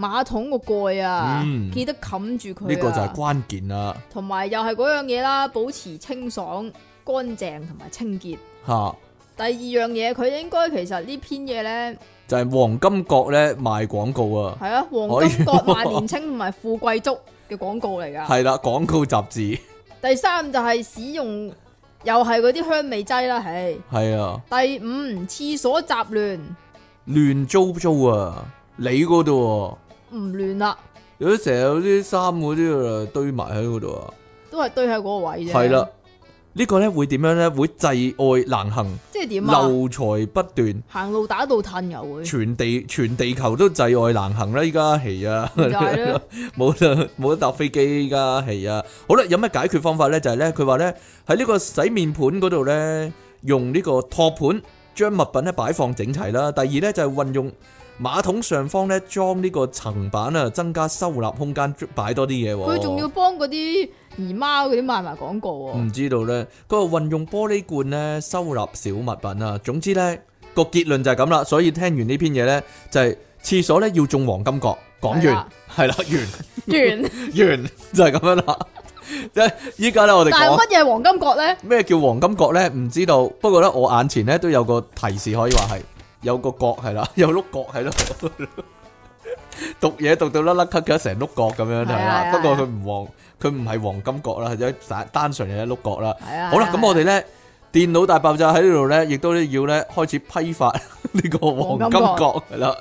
馬桶個蓋啊，嗯、記得冚住佢、啊。呢個就係關鍵啦。同埋又係嗰樣嘢啦，保持清爽乾淨同埋清潔。吓哈，第二樣嘢，佢應該其實篇呢篇嘢咧，就係黃金國咧賣廣告啊。係啊，黃金國萬年青唔係富貴竹嘅廣告嚟噶。係啦， 廣告雜誌。第三就係使用又係嗰啲香味劑啦，係。係啊。第五，廁所雜亂。亂糟糟啊！你嗰度啊，唔亂啦。你都成日有啲衫嗰啲啊，堆埋喺嗰度啊。都係堆喺嗰個位啫。係啦、啊。個呢個咧會點樣咧？會滯礙難行，即係點啊？漏財不斷，行路打到褪油，會全地全地球都滯礙難行啦！依家係啊，冇啦，冇得搭飛機依家係啊！好啦，有咩解決方法咧？就係咧，佢話咧，喺呢個洗面盤嗰度咧，用呢個托盤將物品咧擺放整齊啦。第二咧就係運用。馬桶上方咧裝呢個層板啊，增加收納空間，擺多啲嘢、哦。佢仲要幫嗰啲姨媽嗰啲賣埋廣告啊、哦！唔知道咧，佢運用玻璃罐咧收納小物品啊。總之咧個結論就係咁啦。所以聽完篇呢篇嘢咧，就係、是、廁所咧要種黃金角。講完係啦的，完 完完 就係咁樣啦。依家咧我哋但係乜嘢黃金角咧？咩叫黃金角咧？唔知道。不過咧我眼前咧都有個提示可以話係。有個角係啦，有碌角係咯，讀嘢讀到甩甩咳咳成碌角咁樣係啦。不過佢唔黃，佢唔係黃金角啦，係一單單純嘅一碌角啦。係啊。好啦，咁我哋咧電腦大爆炸喺呢度咧，亦都咧要咧開始批發呢個黃金角啦。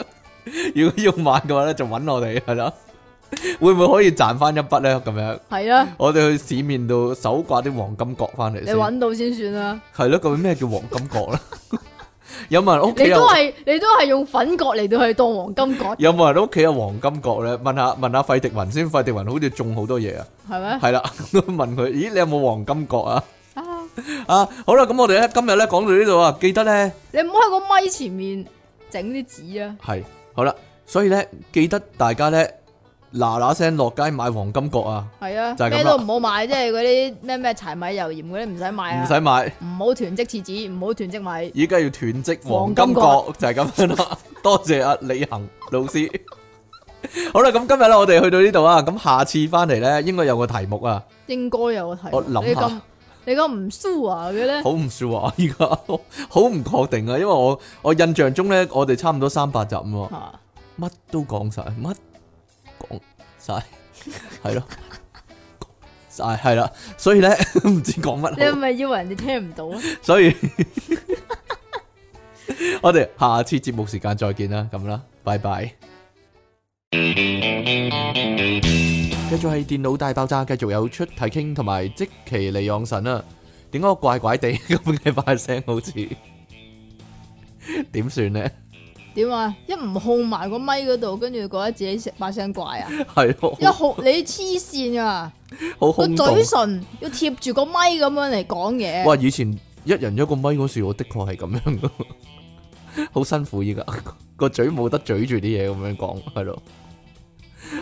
如果要買嘅話咧，就揾我哋係啦。會唔會可以賺翻一筆咧？咁樣係啊。我哋去市面度搜刮啲黃金角翻嚟。你揾到先算啦。係咯，究竟咩叫黃金角咧？有冇人屋企，你都係你都係用粉葛嚟到去當黃金葛。有冇人屋企有黃金葛咧？問下問下費迪文先，費迪文好似種好多嘢啊，係咩？係啦，咁我問佢，咦，你有冇黃金葛啊？啊啊，好啦，咁我哋咧今日咧講到呢度啊，記得咧，你唔好喺個咪前面整啲紙啊。係好啦，所以咧記得大家咧。嗱嗱聲落街買黃金角啊！係啊，就係咁啦。咩都唔好買，即係嗰啲咩咩柴米油鹽嗰啲唔使買啊！唔使買，唔好囤積廁紙，唔好囤積米。而家要囤積黃金角，就係咁樣啦。多謝阿李恒老師。好啦，咁今日咧，我哋去到呢度啊。咁下次翻嚟咧，應該有個題目啊。應該有個題，我諗下。你講唔 sure 嘅咧？好唔 sure 啊！依家好唔確定啊，因為我我印象中咧，我哋差唔多三百集啊。乜都講晒，乜。講晒係咯，晒係啦，所以咧唔知講乜。你係咪以為人哋聽唔到啊？所以，我哋下次節目時間再見啦，咁啦，拜拜。繼續係電腦大爆炸，繼續有出體 king 同埋積淇離岸神啊！點解我怪怪地咁嘅把聲好似？點算呢？點啊！一唔控埋個咪嗰度，跟住覺得自己把聲怪啊！係咯哄，一控 你黐線啊！好，個嘴唇要貼住個咪咁樣嚟講嘢。哇！以前一人一個咪嗰時，我的確係咁樣噶，好 辛苦依家個嘴冇得咀住啲嘢咁樣講，係咯。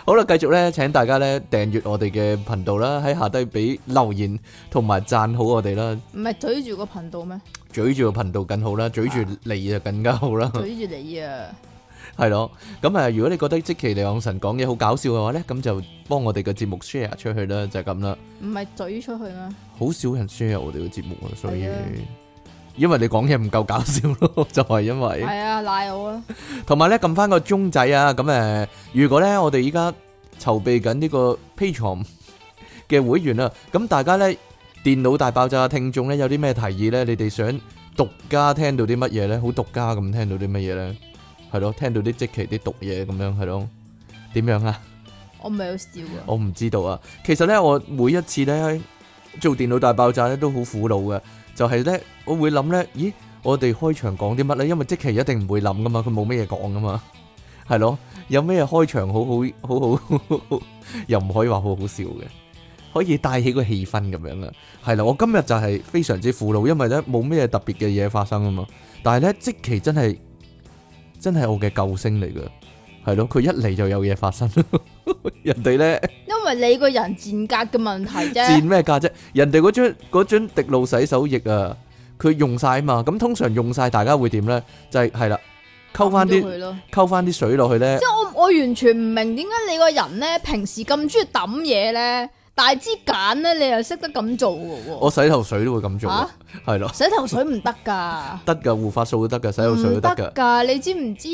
好啦，繼續咧，請大家咧訂閱我哋嘅頻道啦，喺下低俾留言同埋讚好我哋啦。唔係咀住個頻道咩？嘴住個頻道更好啦，嘴住你就更加好啦。嘴住你啊，係咯。 咁啊，如果你覺得積淇離岸神講嘢好搞笑嘅話咧，咁就幫我哋嘅節目 share 出去啦，就係咁啦。唔係嘴出去咩？好少人 share 我哋嘅節目啊，所以的因為你講嘢唔夠搞笑咯， 就係是因為係 啊， 賴我啦。同埋咧，撳翻個鐘仔啊！咁誒，如果咧我哋依家籌備緊呢個 Patreon 嘅會員啦，咁大家咧。電腦大爆炸嘅聽眾咧有啲咩提議咧？你哋想獨家聽到啲乜嘢咧？好獨家咁聽到啲乜嘢咧？係咯，聽到啲積淇啲毒嘢咁樣係咯，點樣啊？我唔係好笑啊！我唔知道啊。其實咧，我每一次咧做電腦大爆炸咧都好苦惱嘅，就係咧我會諗咧，咦，我哋開場講啲乜咧？因為積淇一定唔會諗噶嘛，佢冇乜嘢講噶嘛，係咯？有咩開場好好好好又唔可以話好好笑嘅？可以帶起個氣氛咁樣啦，係啦，我今日就係非常之苦惱，因為咧冇咩特別嘅嘢發生啊嘛。但係咧，積淇真係真係我嘅救星嚟噶，係咯，佢一嚟就有嘢發生，人哋咧，因為你個人賤格嘅問題啫，賤咩格啫？人哋嗰樽嗰樽滴露洗手液啊，佢用晒啊嘛，咁通常用晒大家會點咧？就係係啦，溝翻啲溝翻啲水落去咧。即我我完全唔明點解你個人咧，平時咁中意抌嘢咧。大支揀咧，你又識得咁做嘅喎？我洗頭水都會咁做，係咯。洗頭水唔得噶得噶護髮素都得噶洗頭水都得噶噶你知唔知？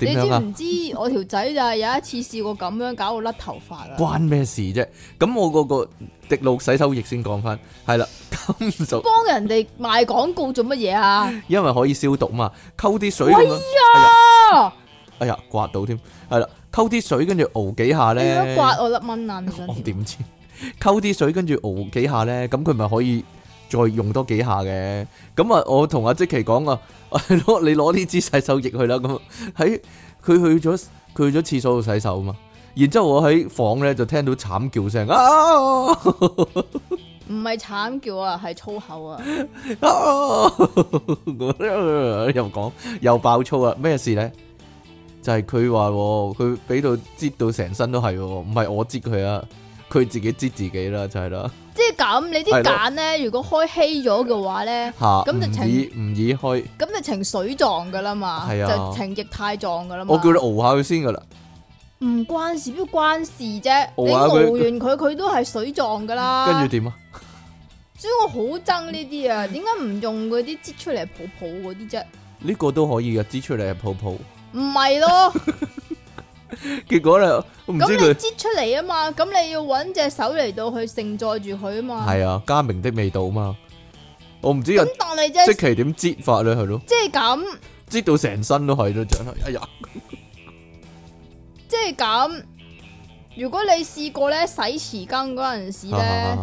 你知唔知？我條仔就係有一次試過咁樣搞我甩頭髮，關咩事啫？咁我嗰個滴露洗手液先講翻，係啦，咁就幫人哋賣廣告做乜嘢啊？因為可以消毒嘛，溝啲水咁樣。哎呀，哎呀，刮到添，係啦。溝啲水跟住熬幾下咧，你都刮我粒蚊眼。我點知？溝啲水跟住熬幾下咧，咁佢咪可以再用多幾下嘅？咁啊，我同阿積淇講啊，係你攞呢支洗手液去啦。咁喺佢去咗佢去咗廁所度洗手嘛。然之後我喺房咧，就聽到慘叫聲，唔、啊、係 慘叫啊，係粗口啊。 又講又爆粗啊？咩事咧？就係佢話佢俾到擠到成身都係。哦，唔係我擠佢啊，佢自己擠自己啦，就係、是、啦。即係咁，你啲梘咧，如果開稀咗嘅話咧，咁的就唔易開，咁就呈水狀噶啦嘛，的就呈液態狀噶啦嘛。我叫你熬下佢先噶啦，唔關事，邊關事啫？你熬完佢，佢他都係水狀噶啦。跟住點啊？所以我好憎呢啲啊，點解唔用嗰啲擠出嚟泡泡嗰啲啫？呢個都可以嘅擠出嚟泡泡。唔係咯，結果咧，咁你擠出嚟啊嘛，咁你要揾隻手嚟到去承載住佢啊嘛，係啊，加明的味道啊嘛，我唔知啊，即係點擠法咧，係咯，即係咁，擠到成身都係都就係，哎呀，即係咁，如果你試過咧洗匙羹嗰陣時咧，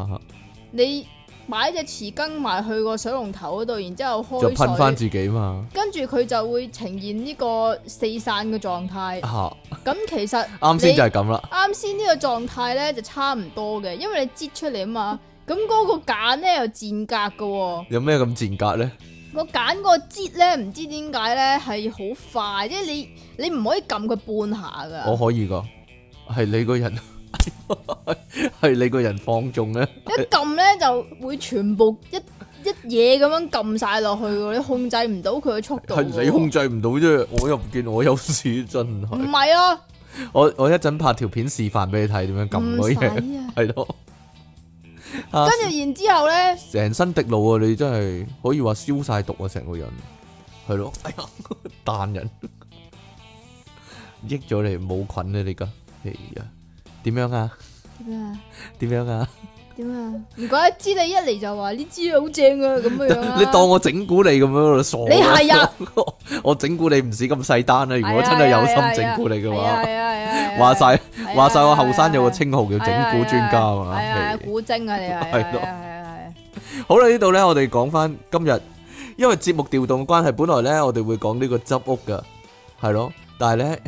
你。擺隻匙羹埋去個水龍頭嗰度，然之後開就噴翻自己嘛。跟住佢就會呈現呢個四散嘅狀態。吓、啊，咁其實啱先 就係咁啦。啱先呢個狀態咧就差唔多嘅，因為你折出嚟啊嘛。咁嗰 個揀咧又賤格嘅。有咩咁賤格咧、哦？我揀個折咧，唔知點解咧係好快，即、就、係、是、你你唔可以撳佢半下噶。我可以個，係你個人。 係 你個人放縱咧，一撳咧就會全部一一嘢咁樣撳晒落去噶，你控制唔到佢嘅速度。 你控制唔到啫，我又唔見我有事。唔係啊，我我一陣拍條片示範俾你睇，點樣撳嗰啲嘢，係咯。啊、 的跟住然之後咧，成身滴露啊！你真係可以話消晒毒啊！成個人，係咯，係、哎、啊，單 彈人益咗 你冇菌啊！你噶，哎呀～點樣啊？點樣啊？點啊？唔怪知你一嚟就話呢支好正啊，咁樣啊？你當我整蠱你咁樣傻？你係啊！我整蠱你唔止咁細單啦！如果真係有心整蠱你嘅話，話晒話晒，我後生有個稱號叫整蠱專家啊！係啊，古精啊你係。係咯係啊係。好啦，呢度咧，我哋講翻今日，因為節目調動嘅關係，本來咧我哋會講呢個執屋噶，係咯，但係咧。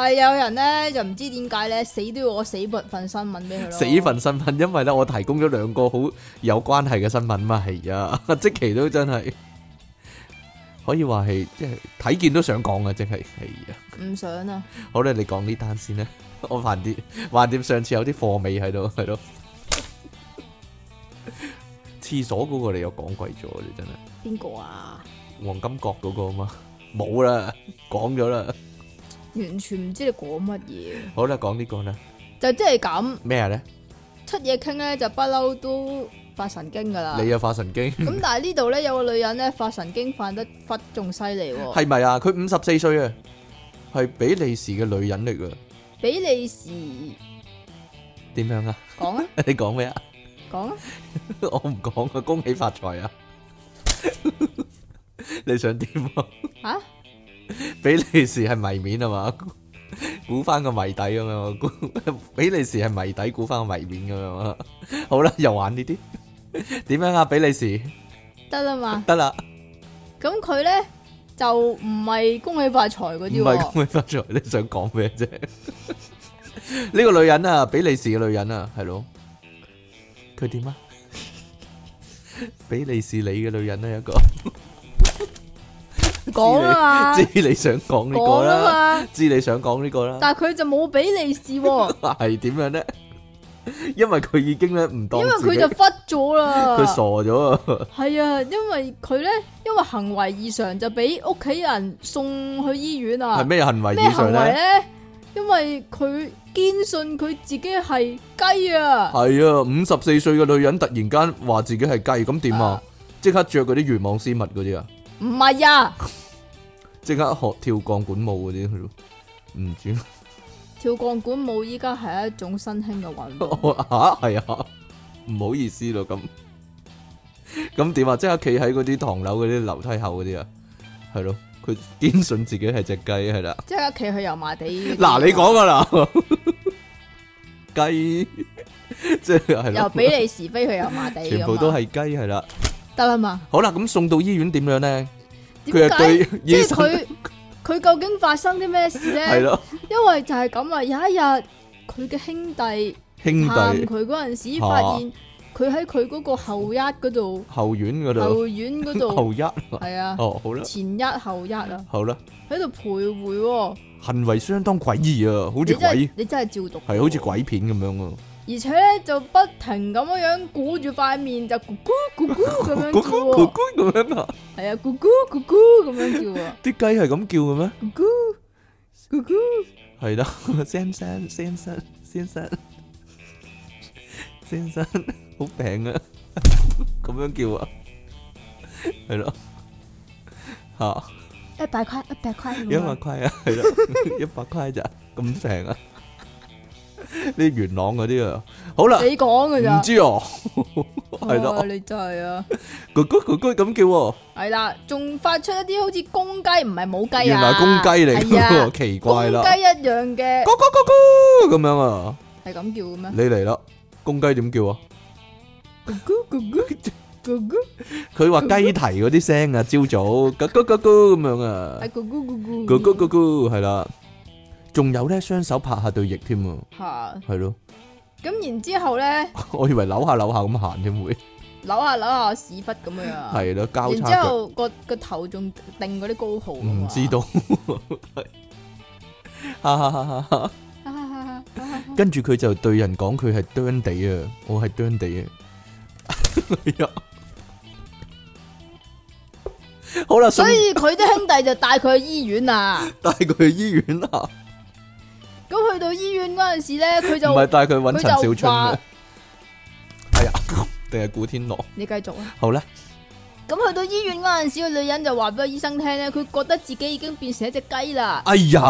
但係有人咧就唔知點解咧死都要我死撥份新聞俾佢咯。死份新聞，因為咧我提供咗兩個好有關係嘅新聞嘛。係啊，積淇都真係可以話係即係睇見都想講啊！即係係啊，唔想啊。好咧，你講呢單先啦。我煩啲，煩啲。上次有啲貨尾喺度，係咯。 廁所嗰個你又講貴咗，你真係。邊個啊？黃金閣嗰、那個啊嘛，冇啦，講咗啦。完全唔知你講乜嘢。好啦，講呢個啦。就即係咁。咩咧？七嘢傾咧，就不嬲都發神經噶啦。你又發神經。咁但係呢度咧有個女人咧發神經發得發仲犀利。係咪啊？佢五十四歲啊，係比利時嘅女人嚟噶。比利時？點樣啊？講啊！ 你講咩啊？講啊！我唔講啊！恭喜發財啊！ 你想點啊？吓？比利時係謎面啊嘛，估 翻個謎底咁樣， 比利時係謎底，估翻個謎面咁樣。 好啦，又玩呢啲，點 樣啊？比利時得啦嘛，得啦。咁佢咧就唔係恭喜發財嗰啲，唔係恭喜發財，你想講咩啫？呢 個女人啊，比利時嘅女人啊，係咯，佢點啊？ 比利時你嘅女人啊，一個。 講啦，知你想講呢個啦，吧知你想講 呢個啦。但係佢就冇俾利是，係點樣咧？因為佢已經咧唔到，因為佢就忽咗啦，佢 傻咗了啊。係啊，因為佢咧，因為行為異常就俾屋企人送去醫院啊。係咩行為異常呢？咩行為咧？因為佢堅信佢自己係雞啊。係啊，五十四歲嘅女人突然間話自己係雞，咁點啊？即刻着嗰啲漁網絲襪嗰啲啊？唔係啊。即刻學跳鋼管舞嗰啲，唔知跳鋼管舞依家係一種新興嘅運動。吓係啊，唔好意思咯，咁咁點啊？即刻企喺嗰啲唐樓嗰啲樓梯口嗰啲啊，係咯，佢堅信自己係隻雞係啦。即刻企去油麻地。嗱，你講噶啦，雞即係由比利時飛去油麻地。全部都係雞係啦，得啦嘛。好啦，咁送到醫院點樣咧？點解即係佢佢究竟發生啲咩事咧？係咯，因為就係咁啊！有一日，佢嘅兄弟兄佢嗰陣時發現佢喺佢嗰個後一嗰度，後院嗰度，後院度，後一係啊，哦好啦，前一後一啊，好啦，喺度徘徊喎，行為相當詭異啊，好似鬼，你真係照讀，係好似鬼片咁樣啊！而且咧就不停咁樣樣鼓住塊面就咕咕咕咕咁樣叫喎，咕咕咕咕咁樣啊！係啊，咕咕咕咕咁樣叫啊！啲雞係咁叫嘅咩？咕咕咕咕，係啦，先生，先生，先生，先生，好平啊！咁樣叫啊，係咯，吓，一百塊，一百塊，一百塊啊，係咯，一百塊咋咁正啊？啲元朗嗰啲啊，好啦，你講噶咋？唔知哦，係咯，你真係啊，咕咕咕咕咁叫，係啦，仲發出一啲好似公雞唔係母雞啊，原來係公雞嚟，奇怪啦，公雞一樣嘅，咕咕咕咕咁樣啊，係咁叫嘅咩？你嚟咯，公雞點叫啊？咕咕咕咕咕咕，佢話雞啼嗰啲聲啊，朝早咕咕咕咕咁樣啊，係咕咕咕咕，咕咕咕咕係啦。仲有咧，雙手拍下對翼添啊！吓，係咯。咁然之後咧，我以為扭下扭下咁行添會，扭下扭下屎忽咁樣。係咯，交叉。然之後個個頭仲定嗰啲高號。唔知道。哈哈哈！哈哈哈哈哈！哈哈哈哈哈！跟住佢就對人講：佢係 Dandy 啊，我係 Dandy 啊。係啊。好啦，所以佢啲兄弟就帶佢去醫院啊，帶佢去醫院啊。咁去到醫院嗰陣時咧，佢就唔係帶佢搵陳小春嘅？係啊、哎，定係古天樂？你繼續啊！好咧呢。咁去到醫院嗰陣時，個 女人就話俾個醫生聽咧，佢覺得自己已經變成一隻雞啦。哎呀！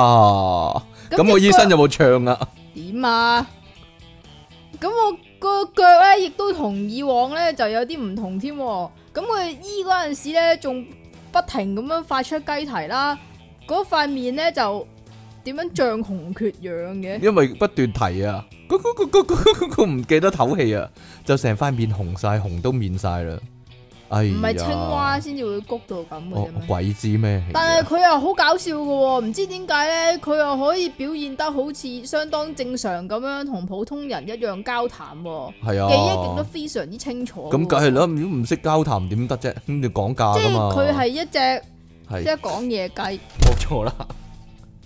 咁個醫生有冇唱啊？點啊？咁我個腳咧，亦都同以往咧就有啲唔同添。咁佢醫嗰陣時咧，仲不停咁樣發出雞啼啦。嗰塊面咧就。點樣漲紅缺氧嘅？因為不斷提啊！嗰唔記得透氣啊，就成塊面紅晒，紅都面晒啦！唔係青蛙先至會谷到咁嘅？鬼知咩？但係佢又好搞笑㗎，唔知點解咧，佢又可以表現得好似相當正常咁樣，同普通人一樣交談。係啊，記憶亦都非常之清楚。咁梗係啦，如果唔識交談點得啫？咁要講價？即係佢係一隻，即係講嘢雞，冇錯啦。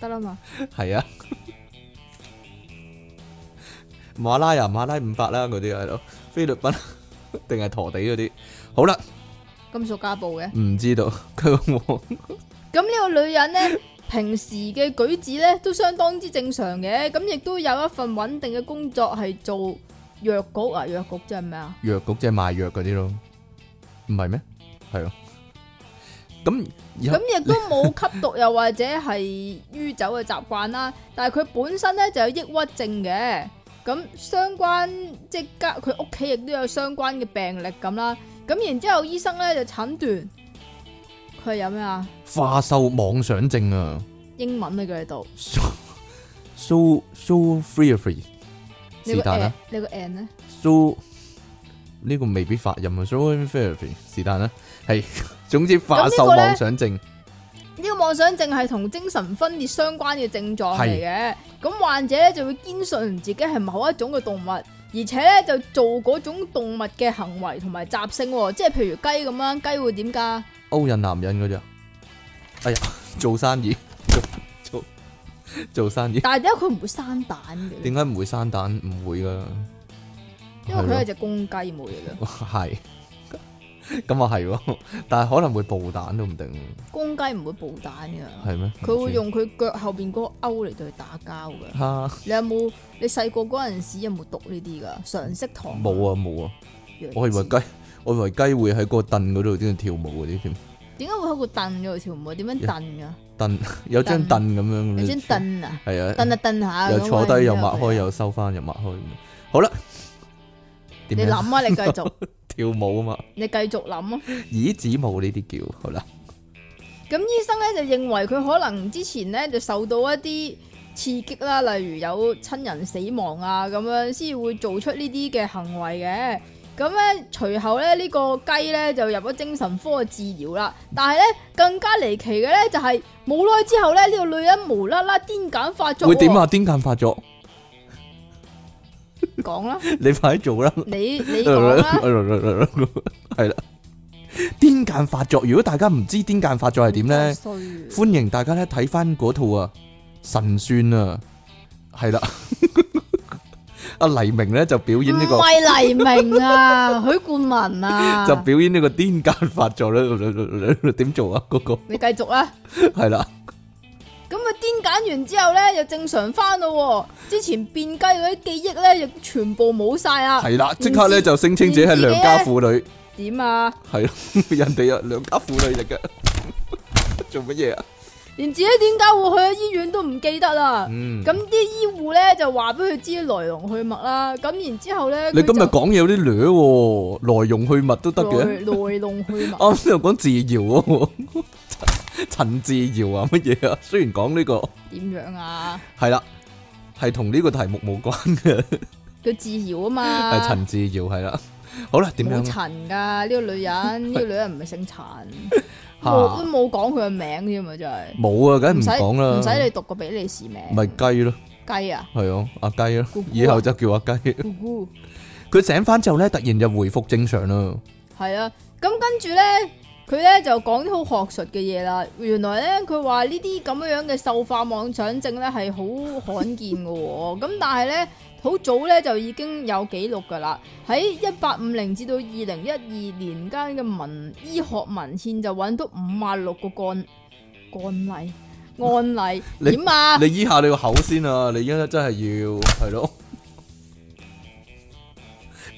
得啦嘛，係啊，馬拉呀馬拉五百啦嗰啲係咯，菲律賓定係陀地嗰啲，好啦，金屬家暴嘅，唔知道。咁呢個女人咧，平時嘅舉止咧都相當之正常嘅，咁亦都有一份穩定嘅工作係做藥局啊，藥局即係咩啊？藥局即係賣藥嗰啲咯，唔係咩？係咯，咁。咁亦都冇吸毒，又或者係酗酒嘅習慣啦。但係佢本身咧就有抑鬱症嘅，咁相關即係家佢屋企亦都有相關嘅病歷咁啦。咁然之後醫生咧就診斷佢係有咩啊？化獸妄想症啊！英文你記喺度，so so so therapy 是但啦。呢個 n 咧？so 呢個未必發音啊，so therapy 是但啦，係。總之化獸妄想症個，呢個妄想症係同精神分裂相關嘅症狀嚟嘅，咁是患者咧就會堅信自己係某一種嘅動物，而且咧就做嗰種動物嘅行為同埋習性，即係譬如雞咁樣，雞會點噶？勾引，哦、男人噶咋？哎呀，做生意，做做，做生意。但係點解佢唔會生蛋嘅？點解唔會生蛋？唔會噶，因為佢係隻公雞冇嘢。係了。咁啊係喎，但係可能會爆蛋都唔定。公雞唔會爆蛋嘅，係咩？佢會用佢腳後邊嗰個勾嚟對佢打交嘅。哈！你有冇？你細個嗰陣時有冇讀呢啲噶常識堂？冇啊冇啊！我以為雞，我以為雞會喺個凳嗰度點樣跳舞嗰啲添？點解會喺個凳嗰度跳舞？點樣凳噶？凳，有張凳咁樣，有張凳啊？係啊，凳啊凳下又坐低又擘開又收翻又擘開。好啦，你諗啊，你繼續。跳舞啊嘛你繼 你繼續諗咯，椅子舞呢啲叫好啦。咁 醫生咧就認為佢可能之前咧就受到一啲刺激啦，例如有親人死亡啊咁樣，先會做出呢啲嘅行為嘅。咁咧隨後咧呢個雞咧就入咗精神科嘅治療啦。但係咧更加離奇嘅咧就係冇耐之後咧呢個女人無啦啦癲癇發作，會點啊癲癇發作？講啦，你快啲做啦，你你講啦，係啦，癲癇發作，如果大家唔知癲癇發作係點咧，歡迎大家咧睇翻嗰套啊神算啊，係啦，阿黎明咧就表演呢個，喂黎明啊，許冠文啊，就表演呢個癲癇發作咧，點做啊？哥哥，你繼續啊，係啦。咁啊癲揀完之後咧，又正常翻咯、哦。之前變雞嗰啲記憶咧，又全部冇晒啊。係啦、啊，即刻咧就聲稱自己係良家婦女。點 啊？係咯，人哋啊良家婦女嚟噶。做乜嘢啊？連自己點解會去咗醫院都唔記得啦。嗯。咁啲醫護咧就話俾佢知來龍去脈啦。咁然後之後咧，你今日講嘢有啲哆，來龍去脈都得嘅。來龍去脈。哦，你又講自聊啊？陳志堯啊，乜嘢啊？雖然講呢個點樣啊，係啦，係同呢個題目冇關嘅。叫志堯啊嘛，係陳志堯係啦。好啦，點樣陳噶？呢個女人，呢個女人唔係姓陳，冇都冇講佢個名添啊！真係冇啊，梗係唔講啦，唔使你讀個比利時名，咪雞咯雞啊，係啊阿雞咯，以後就叫阿雞。佢醒翻之後咧，突然就回復正常咯。係啊，咁跟住咧。佢咧就講啲好學術嘅嘢啦，原來咧佢話呢啲咁樣樣嘅獸化妄想症咧係好罕見嘅。喔，咁 但係咧好早咧就已經有記錄噶啦，喺一八五零至到二零一二年間嘅文醫學文獻就搵到五啊六個干案例案例，點 你啊？你醫下你個口先啊！你而家真係要係咯。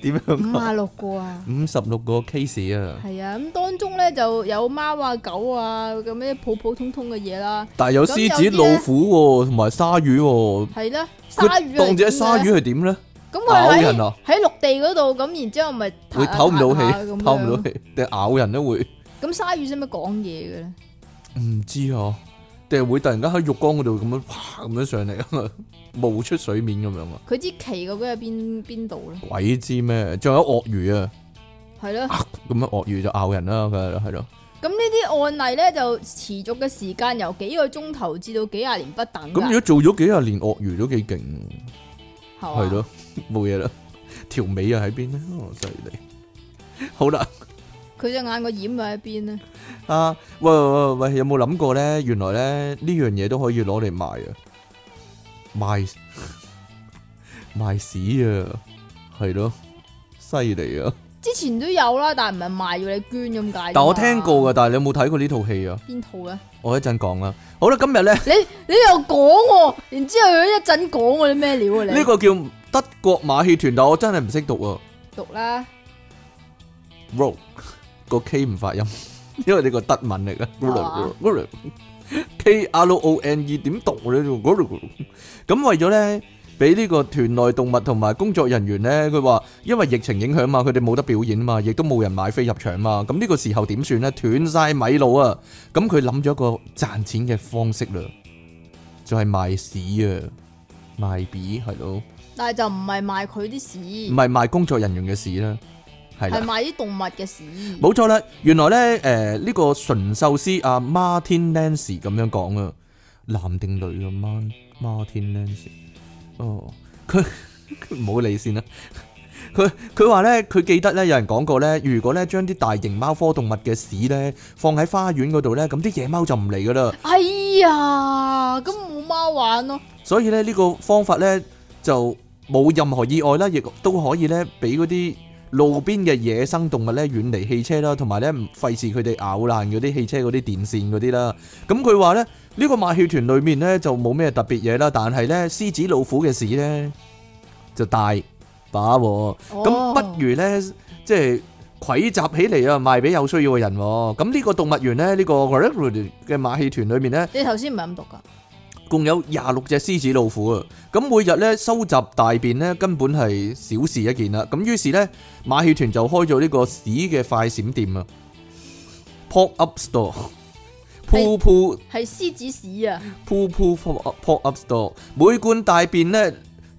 五啊六個啊，五十六個 case 啊，係啊，咁當中咧就有貓啊、狗啊咁咩普普通通嘅嘢啦，但係有獅子、老虎同埋鯊魚，啊，係啦，啊，鯊魚當住喺鯊魚係點咧？咬人啊！喺陸地嗰度，咁然之後咪會唞唔到氣，唞唔到氣定咬人都會。咁鯊魚識唔識講嘢嘅咧？唔知啊。定係會突然間喺浴缸嗰度咁樣哇咁樣上嚟，冒出水面咁樣啊？佢知奇嘅嗰個係邊邊度咧？鬼知咩？仲有鱷魚啊？係咯，咁樣鱷魚就咬人啦，係咯，係咯。咁呢啲案例咧，就持續嘅時間由幾個鐘頭至到幾十年不等。咁如果做咗幾十年鱷魚都幾勁，係咯，冇嘢啦，條尾又喺邊咧？我犀利，好啦。佢隻眼個掩喺邊呢？啊，喂喂喂，有冇諗過咧？原來咧呢樣嘢，都可以攞嚟賣啊！賣賣屎啊！係咯，犀利啊！之前都有啦，但係唔係賣，要你捐咁解？但係我聽過噶，但係你有冇睇過呢套戲啊？邊套咧？我一陣講啦。好啦，今日咧，你你又講，然之後一陣講嗰啲咩料啊？你呢個叫德國馬戲團，但我真係唔識讀啊！讀啦，Rock。個 K 唔發音， 因為呢個德文嚟嘅、啊、 K R O N E 點讀咧？咁 為咗咧，俾呢個團內動物同埋工作人員咧，佢話因為疫情影響嘛，佢哋冇得表演嘛，亦都冇人買飛入場嘛。咁呢個時候點算咧？斷晒米路啊！咁佢諗咗一個賺錢嘅方式啦，就係、是、賣屎啊，賣 B 係咯。但係就唔係賣佢啲屎，唔係賣工作人員嘅屎啦。係啦，係買啲動物嘅屎。冇錯啦，原來咧，誒呢個馴獸師阿 Martin Lancy 咁樣講啊，男定女啊？Martin Lancy，哦，佢唔好理先啦。佢佢話咧，佢記得咧，有人講過咧，如果咧將啲大型貓科動物嘅屎咧放喺花園嗰度咧，咁啲野貓就唔嚟噶啦。哎呀，咁冇貓玩咯。所以咧呢個方法咧就冇任何意外啦，亦都可以咧俾嗰啲。路邊嘅野生動物咧，遠離汽車啦，同埋咧，唔費事佢哋咬爛嗰啲汽車嗰啲電線嗰啲啦。咁佢話咧，呢個馬戲團裏面咧就冇咩特別嘢啦，但係咧，獅子老虎嘅事咧就大把。咁、哦、不如咧，即係匯集起嚟啊，賣俾有需要嘅人。咁呢個動物園咧，呢、這個嘅馬戲團裏面咧，你頭先唔係咁讀噶？共有廿六隻獅子老虎啊！咁每日咧收集大便咧，根本係小事一件啦。咁於是咧，馬戲團就開咗呢個屎嘅快閃店啊！Pop up store，噗噗係獅子屎啊！噗噗 pop up pop up store，每罐大便咧。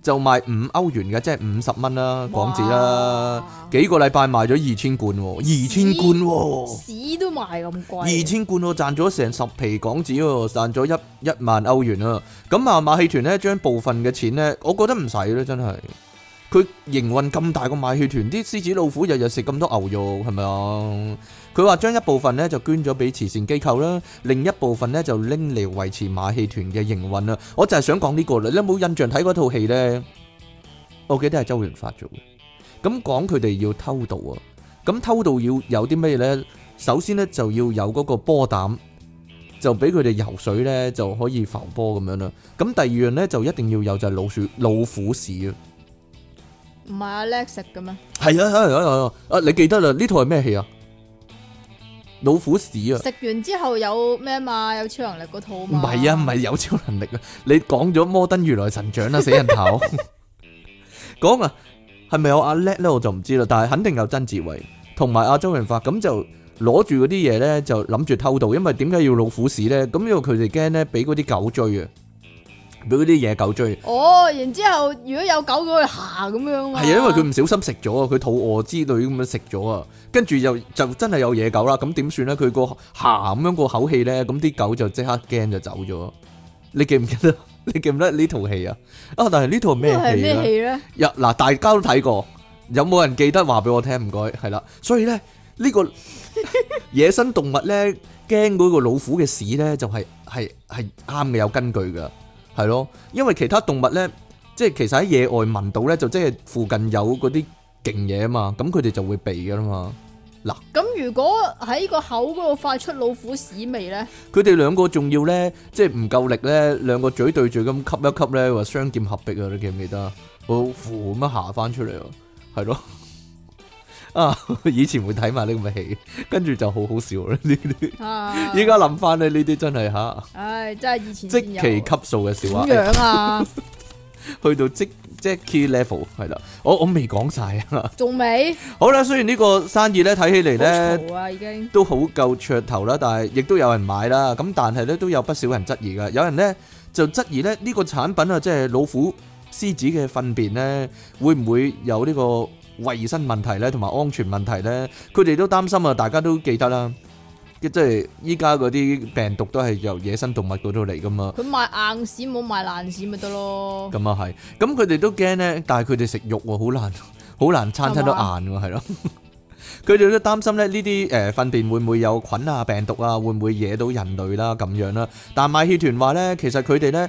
就賣五歐元嘅，即係五十蚊啦，港紙啦，哇幾個禮拜賣咗二千罐，二千罐屎，屎都賣咁貴，二千罐我賺咗成十皮港紙喎，賺咗一一萬歐元啦。咁啊，馬戲團呢，將部分嘅錢呢，我覺得唔使啦，真係。佢營運咁大個馬戲團，啲獅子老虎日日食咁多牛肉，係咪啊？佢話將一部分咧就捐咗俾慈善機構啦，另一部分咧就拎嚟維持馬戲團嘅營運啦。我就係想講呢、呢個啦，你有冇印象睇嗰套戲咧？我記得係周潤發做嘅。咁講佢哋要偷渡啊，咁偷渡要有啲咩咧？首先咧就要有嗰個波膽，就俾佢哋游水咧就可以浮波咁樣啦。咁第二樣咧就一定要有就係老鼠老虎屎啊，唔係阿叻食嘅咩？係啊係啊係啊，啊你記得啦？呢套係咩戲啊？老虎屎啊！食完之後有咩嘛？有超能力嗰套？唔係啊，唔係有超能力啊！你講咗摩登如來神掌啦，啊，死人頭講啊，係咪 有阿叻咧？我就唔知啦，但係肯定有曾志偉同埋阿周潤發，咁就攞住嗰啲嘢咧，就諗住偷渡。因為點解要老虎屎咧？咁因為佢哋驚咧俾嗰啲狗追啊！俾嗰啲野狗追哦，然之後如果有狗咁去嚇咁樣，係啊，因為佢唔小心食咗啊，佢肚餓之類咁樣食咗啊，跟住就就真係有野狗啦。咁點算咧？佢個嚇咁樣個口氣咧，咁啲狗就即刻驚就走咗。你記唔記得？你記唔得呢套戲啊？啊！但係呢套係咩戲咧？日嗱，大家都睇過，有冇人記得話俾我聽？唔該，係啦。所以咧，呢個野生動物咧驚嗰個老虎嘅屎咧，就係係係啱嘅，有根據㗎。係咯，因為其他動物咧，即係其實喺野外聞到咧，就即係附近有嗰啲勁嘢啊嘛，咁佢哋就會避噶啦嘛。嗱，咁如果喺個口嗰度發出老虎屎味咧，佢哋兩個仲要咧，即係唔夠力咧，兩個嘴對嘴咁吸一吸咧，話雙劍合璧啊！你記唔記得？好，虎咁一下翻出嚟，係咯。啊！以前會睇埋呢咁嘅戲，跟住就好好笑啦。呢啲，依家諗翻你，呢啲真係吓。唉，真係以前積淇級數嘅笑話。點樣啊？去到即即 Jacky level 係啦。我我未講晒啊。仲未？好啦，雖然呢個生意咧睇起嚟咧，已經都好夠噱頭啦，但係亦都有人買啦。咁但係咧都有不少人質疑噶。有人咧就質疑咧呢個產品啊，即係老虎、獅子嘅糞便咧，會唔會有呢個？衛生問題咧，同埋安全問題咧，佢哋都擔心啊！大家都記得啦，即係依家嗰啲病毒都係由野生動物嗰度嚟噶嘛。佢賣硬屎冇賣爛屎咪得咯？咁啊係，咁佢哋都驚咧，但係佢哋食肉喎，好難好難餐餐都硬喎，係咯。佢哋都擔心咧，呢啲誒糞便會唔會有菌啊、病毒啊，會唔會惹到人類啦咁樣啦？但係馬戲團話咧，其實佢哋咧。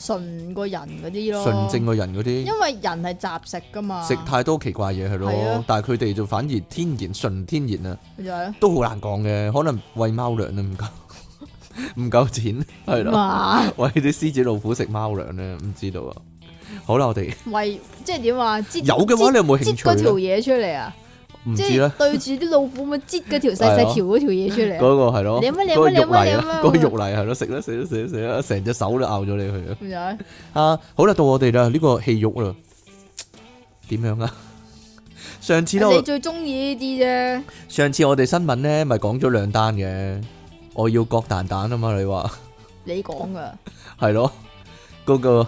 純個人嗰啲咯，純正個人嗰啲，因為人係雜食噶嘛，食太多奇怪嘢係咯，的但係佢哋就反而天然純天然啊，都好難講嘅，可能餵貓糧都唔夠，唔 夠錢係咯，餵啲獅子老虎食貓糧咧，唔知道啊，好啦我哋餵即係點話，有嘅話你有冇興趣嗰條嘢出嚟啊？唔知呢對住啲老虎咪擠嗰條細細條嗰條嘢出嚟，嗰、 那個係咯，你乜靚乜靚乜靚乜，嗰個肉嚟係咯，食啦食啦食啦食啦，成隻手都咬咗你去啊！行啊，好啦，到我哋啦，呢、這個戲肉啦，點樣啊？上次都我你最中意呢啲啫。上次我哋新聞咧咪講咗兩單嘅，我要割蛋蛋啊嘛，你話？你講噶？係咯， 嗰、那個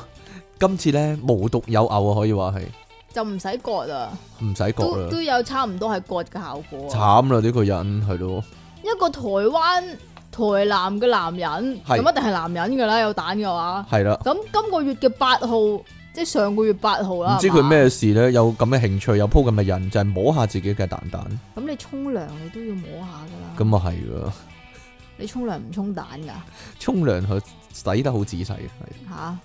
今次咧無毒有偶啊，可以話係。就唔使割啦！唔使割都，都有差唔多係割嘅效果。慘啦呢個人係咯，一個台灣台南嘅男人，咁是一定係男人噶啦，有蛋嘅話。係啦的，咁今個月嘅八號，即係上個月八號啦。唔知佢咩事咧？有咁嘅興趣，有鋪咁嘅人，就係、是、摸下自己嘅蛋蛋。咁你沖涼你都要摸下噶啦。咁啊係噶， 你沖涼唔沖蛋噶？沖涼佢洗得好仔細嘅，係吓。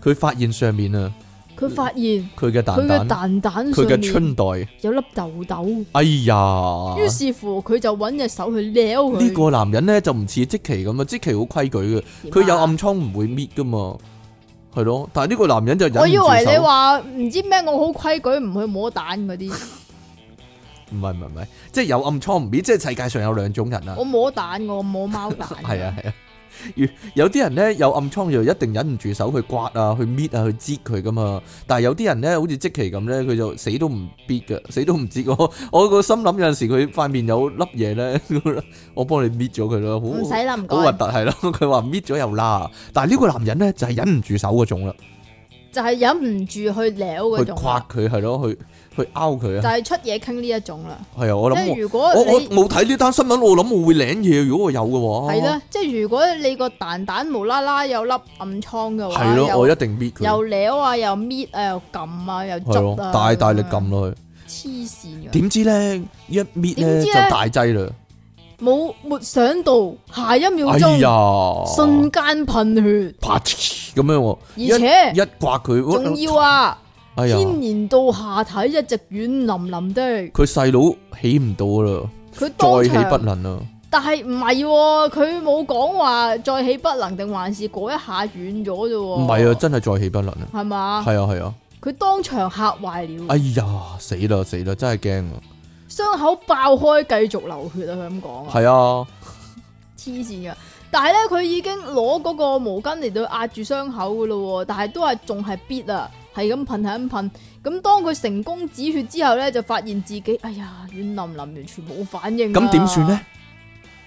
佢、啊、發現上面啊。佢發現佢嘅蛋蛋，佢嘅春袋有粒豆豆。哎呀！於是乎佢就揾隻手去撩佢。呢個男人咧就唔似積淇咁啊！積淇好規矩嘅，佢有暗瘡唔會搣噶嘛，係咯。但係呢個男人就忍唔住手。我以為你話唔知咩，我好規矩，唔去摸蛋嗰啲。唔係唔係唔係，即係有暗瘡唔搣，即係世界上有兩種人啊！我摸蛋，我摸貓蛋。係啊係啊。 有啲人咧有暗瘡就一定忍唔住手去刮啊，去搣啊，去擠佢噶嘛。但係有啲人咧，好似積淇咁咧，佢就死都唔搣嘅，死都唔擠我。我個心諗，有陣時佢塊面有粒嘢咧， 我幫你搣咗佢咯。唔使啦，唔該。好核突係咯，佢話搣咗又拉。但係呢個男人咧就係忍唔住手嗰種啦，就係忍唔住去撩佢嗰種。去刮佢係咯，去。去勾佢啊！就係出嘢傾呢一種啦。係啊，我諗，即係如果，我冇睇呢單新聞，我諗我會領嘢。如果我有嘅話，係啦，即係如果你個蛋蛋無啦啦有粒暗瘡嘅話，係咯，我一定搣佢。又撩啊，又搣啊，又撳啊，又捽啊，大大力撳落去。黐線嘅。點知咧一搣咧就大劑啦！冇，沒想到下一秒鐘，哎呀，瞬間噴血，啪，咁樣。而且一刮佢，仲要啊！天然到下體，一直軟淋淋的。佢細佬起唔到啦，佢再起不能啦。但係唔係，佢冇講話再起不能，定還是嗰一下軟咗啫？唔係啊，真係再起不能啊。係嘛？係啊係啊。佢當場嚇壞了。哎呀，死啦死啦，真係驚啊！傷口爆開，繼續流血啊！佢咁講。係啊，黐綫噶。但係咧，佢已經攞嗰個毛巾嚟到壓住傷口噶啦，但係都係仲係必啊。係咁噴，係咁噴。咁當佢成功止血之後咧，就發現自己哎呀軟淋淋，臨臨完全冇反應。咁點算呢？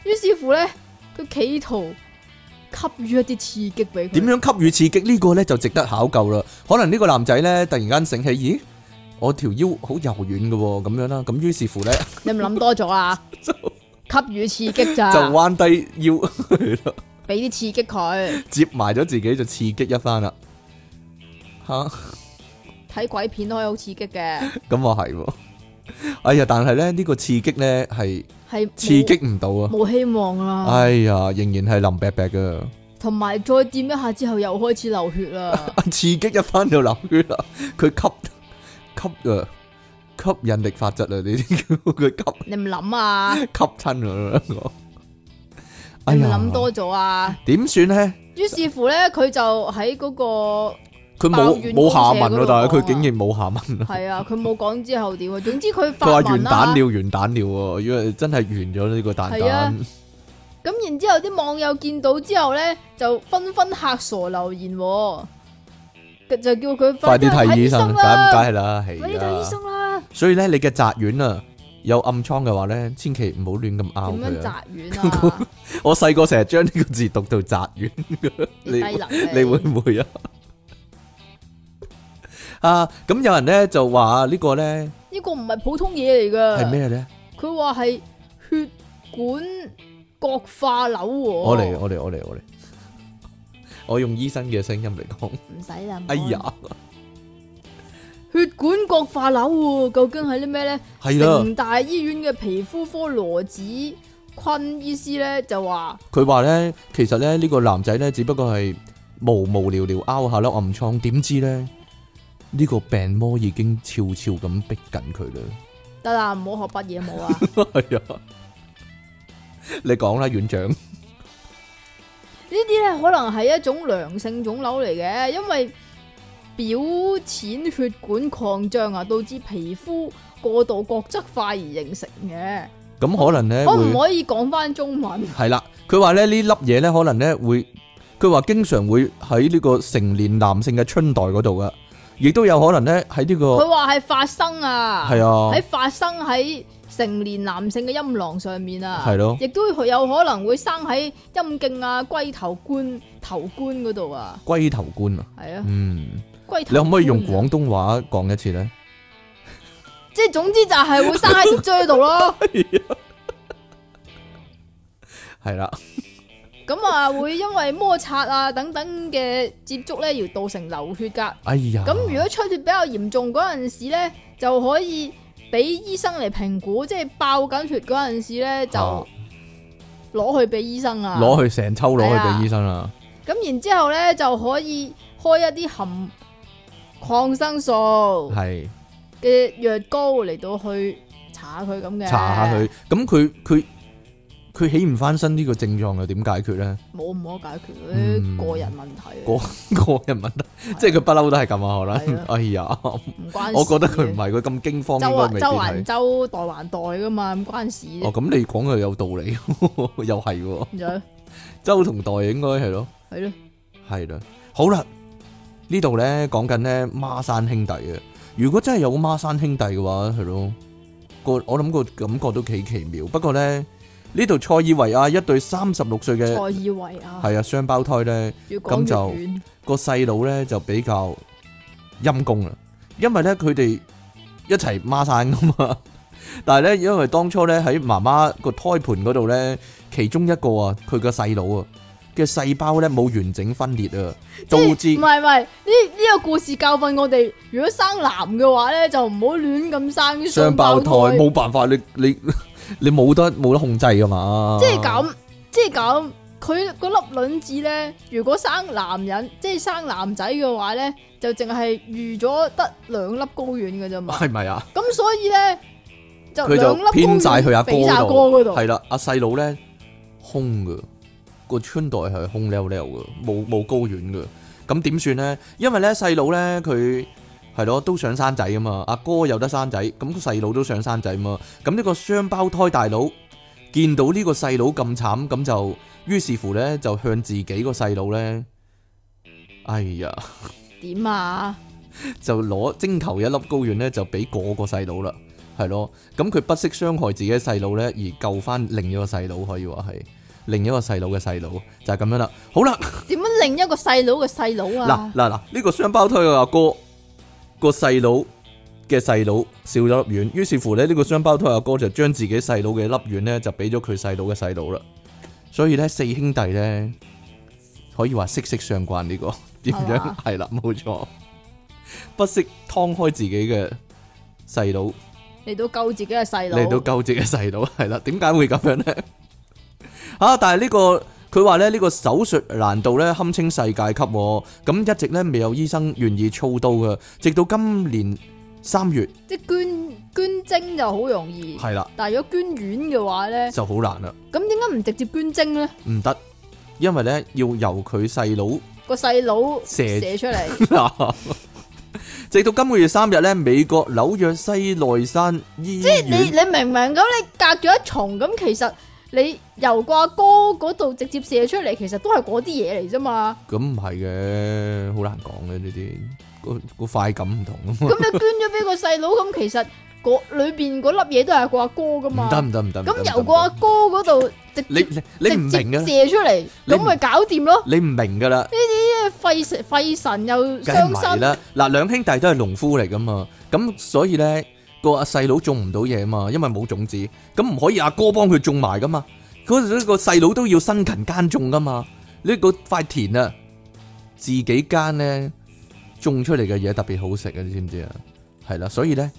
於是乎咧，佢企圖給予一啲刺激俾佢。點樣給予刺激個呢？呢個咧就值得考究啦。可能呢個男仔咧突然間醒起，咦，我條腰好柔軟噶，哦，咁樣啦。咁於是乎咧，你唔諗多咗啊？ 給予刺激咋？就彎低腰，係俾啲刺激佢，接埋咗自己就刺激一番啦。吓？ 睇鬼片都可以好刺激嘅，咁啊係喎！哎呀，但係咧呢個刺激咧係係刺激唔到啊，冇希望啦！哎呀，仍然係淋白白嘅，同埋再掂一下之後又開始流血啦， 刺激一翻就流血啦，佢吸吸啊，吸引力法則啊， 傷了 你叫佢吸，你唔諗啊，吸親啊！哎唔諗多咗啊？點算咧？於是乎咧，佢就喺嗰個。佢冇冇下文咯，但係佢竟然冇下文。係啊，佢冇講之後點啊？總之佢發文啦。佢話完蛋了，完蛋了，完蛋了喎，因為真係完咗呢個蛋蛋。係啊，咁 然之後啲網友見到之後咧，就紛紛吓傻留言，哦，就叫佢快啲睇醫生啦，唔該啦，係啦。啊、看看醫生，所以咧，你嘅宅院啊，有暗瘡嘅話咧，千祈唔好亂咁拗。點樣宅院、啊、 我細個成日將呢個字讀到宅院， 你你會唔會，會啊？ 啊，咁、嗯、有人咧就話、這個、呢個咧，呢個唔係普通嘢嚟噶，係咩咧？佢話係血管角化瘤。我嚟，我嚟，我嚟，我嚟，我用醫生嘅聲音嚟講。唔使啦。哎呀， 血管角化瘤，究竟係啲咩咧？係啦。成大醫院嘅皮膚科羅子坤醫師咧就話，佢話咧，其實咧呢、這個男仔咧只不過係無無聊聊拗下粒暗瘡，點知咧？呢個病魔已經悄悄咁逼緊佢啦，得啦，唔好學北野武啊。係啊，你講啦，院長，呢啲咧可能係一種良性腫瘤嚟嘅，因為表淺血管擴張啊，導致皮膚過度角質化而形成嘅。咁可能咧我唔可以講翻中文？係啦，佢話咧呢粒嘢咧可能咧會，佢話經常會喺呢個成年男性嘅春袋嗰度噶。亦都有可能咧，喺呢個佢話係發生啊，係啊，喺發生喺成年男性嘅陰囊上面啊，係咯，亦都有可能會生喺陰莖啊、龜頭冠頭冠嗰度啊，龜頭冠啊，係啊，嗯，龜頭你可唔可以用廣東話講一次咧？即係總之就係會生喺呢張度咯，係啦。咁啊， 會因為摩擦啊等等嘅接觸咧，要造成流血噶。哎呀！咁如果出血比較嚴重嗰陣時咧，就可以俾醫生嚟評估，即係爆緊血嗰陣時咧，就攞去俾醫生啊，攞去成抽攞去俾醫生啊。咁然之後咧，就可以開一啲含抗生素係嘅藥膏嚟到去查佢咁嘅，查下佢。咁佢佢。佢起唔翻身呢個症狀又點解決咧？冇唔可解決嗰個人問題。個人問題，即係佢不嬲都係咁啊，可能。哎呀，唔關事我覺得佢唔係佢咁驚慌。周周環周代環代噶嘛，咁關事。哦，咁你講又有道理， 又係喎呀。周同 代應該係咯。係咯，係啦了。 好啦，呢度咧講緊咧孖生兄弟啊。如果真係有個孖生兄弟嘅話，係咯，個我諗個感覺都幾奇妙。不過咧。呢度塞爾維亞一對三十六歲嘅塞爾維亞係啊雙胞胎咧，咁就個細佬咧就比較陰功啊，因為咧佢哋一齊孖生噶嘛，但係咧因為當初咧喺媽媽個胎盤嗰度咧，其中一個啊佢個細佬啊嘅細胞咧冇完整分裂啊，導致唔係唔係呢呢個故事教訓我哋，如果生男嘅話咧就唔好亂咁生雙胞胎，冇辦法你你。你冇得冇得控制噶嘛？即係咁，即係咁，佢嗰粒卵子咧，如果生男人，即係生男仔嘅話咧，就淨係預咗得兩粒睾丸嘅啫嘛。係咪啊？咁所以咧，就兩粒偏晒去阿哥哥嗰度。係啦，阿細佬咧空噶，個春袋係空撩撩噶，冇冇睾丸噶。咁點算咧？因為咧細佬咧佢。係咯，都想生仔啊嘛。阿哥，哥有得生仔，咁、那個細佬都想生仔嘛。咁呢個雙胞胎大佬見到呢個細佬咁慘，咁就於是乎呢，就向自己個細佬呢，哎呀點啊， 就攞徵求一粒睾丸呢，就俾嗰個細佬啦。係咯，咁佢不惜傷害自己個細佬呢，而救翻另一個細佬，可以話係另一個細佬嘅細佬，就係、是、咁樣啦。好啦，點樣另一個細佬嘅細佬啊？嗱嗱嗱，呢、這個雙胞胎嘅阿哥，哥，哥。個細佬嘅細佬少咗粒丸，於是乎咧，呢個雙胞胎阿哥就將自己細佬嘅粒丸咧，就俾咗佢細佬嘅細佬啦。所以咧，四兄弟咧可以話息息相關呢、這個點樣係啦，冇錯嗎，不惜劏開自己嘅細佬嚟到救自己嘅細佬，嚟到救自己嘅細佬係啦。點解會咁樣咧？啊！但係呢、這個。佢話咧呢個手術難度咧堪稱世界級，咁一直咧未有醫生願意操刀噶直到今年三月，即捐捐精就好容易，係啦的。但係如果捐卵嘅話咧，就好難啦。咁點解唔直接捐精咧？唔得，因為咧要由佢細佬個細佬射，射出嚟。 直到今個月三日咧，美國紐約西奈山醫院，即你你明唔明咁你隔咗一重咁其實。你由個阿哥嗰度直接射出嚟，其實都係嗰啲嘢嚟啫嘛。咁唔係嘅，好難講嘅呢啲，個個快感唔同啊嘛。咁你捐咗俾個細佬，咁其實嗰裏邊嗰粒嘢都係個阿哥噶嘛。唔得唔得唔得。咁由個阿哥嗰度直接直接射出嚟，咁咪搞掂咯。你唔明噶啦？呢啲費神費神又傷心。梗係唔係啦，嗱兩兄弟都係農夫嚟噶嘛，咁所以咧。個阿細佬種唔到嘢嘛，因為冇種子，咁唔可以阿哥幫佢種埋噶嘛，嗰個細佬都要辛勤耕種噶嘛。呢、這個塊田啊，自己耕咧，種出嚟嘅嘢特別好食啊，你知唔知啊？係啦，所以咧，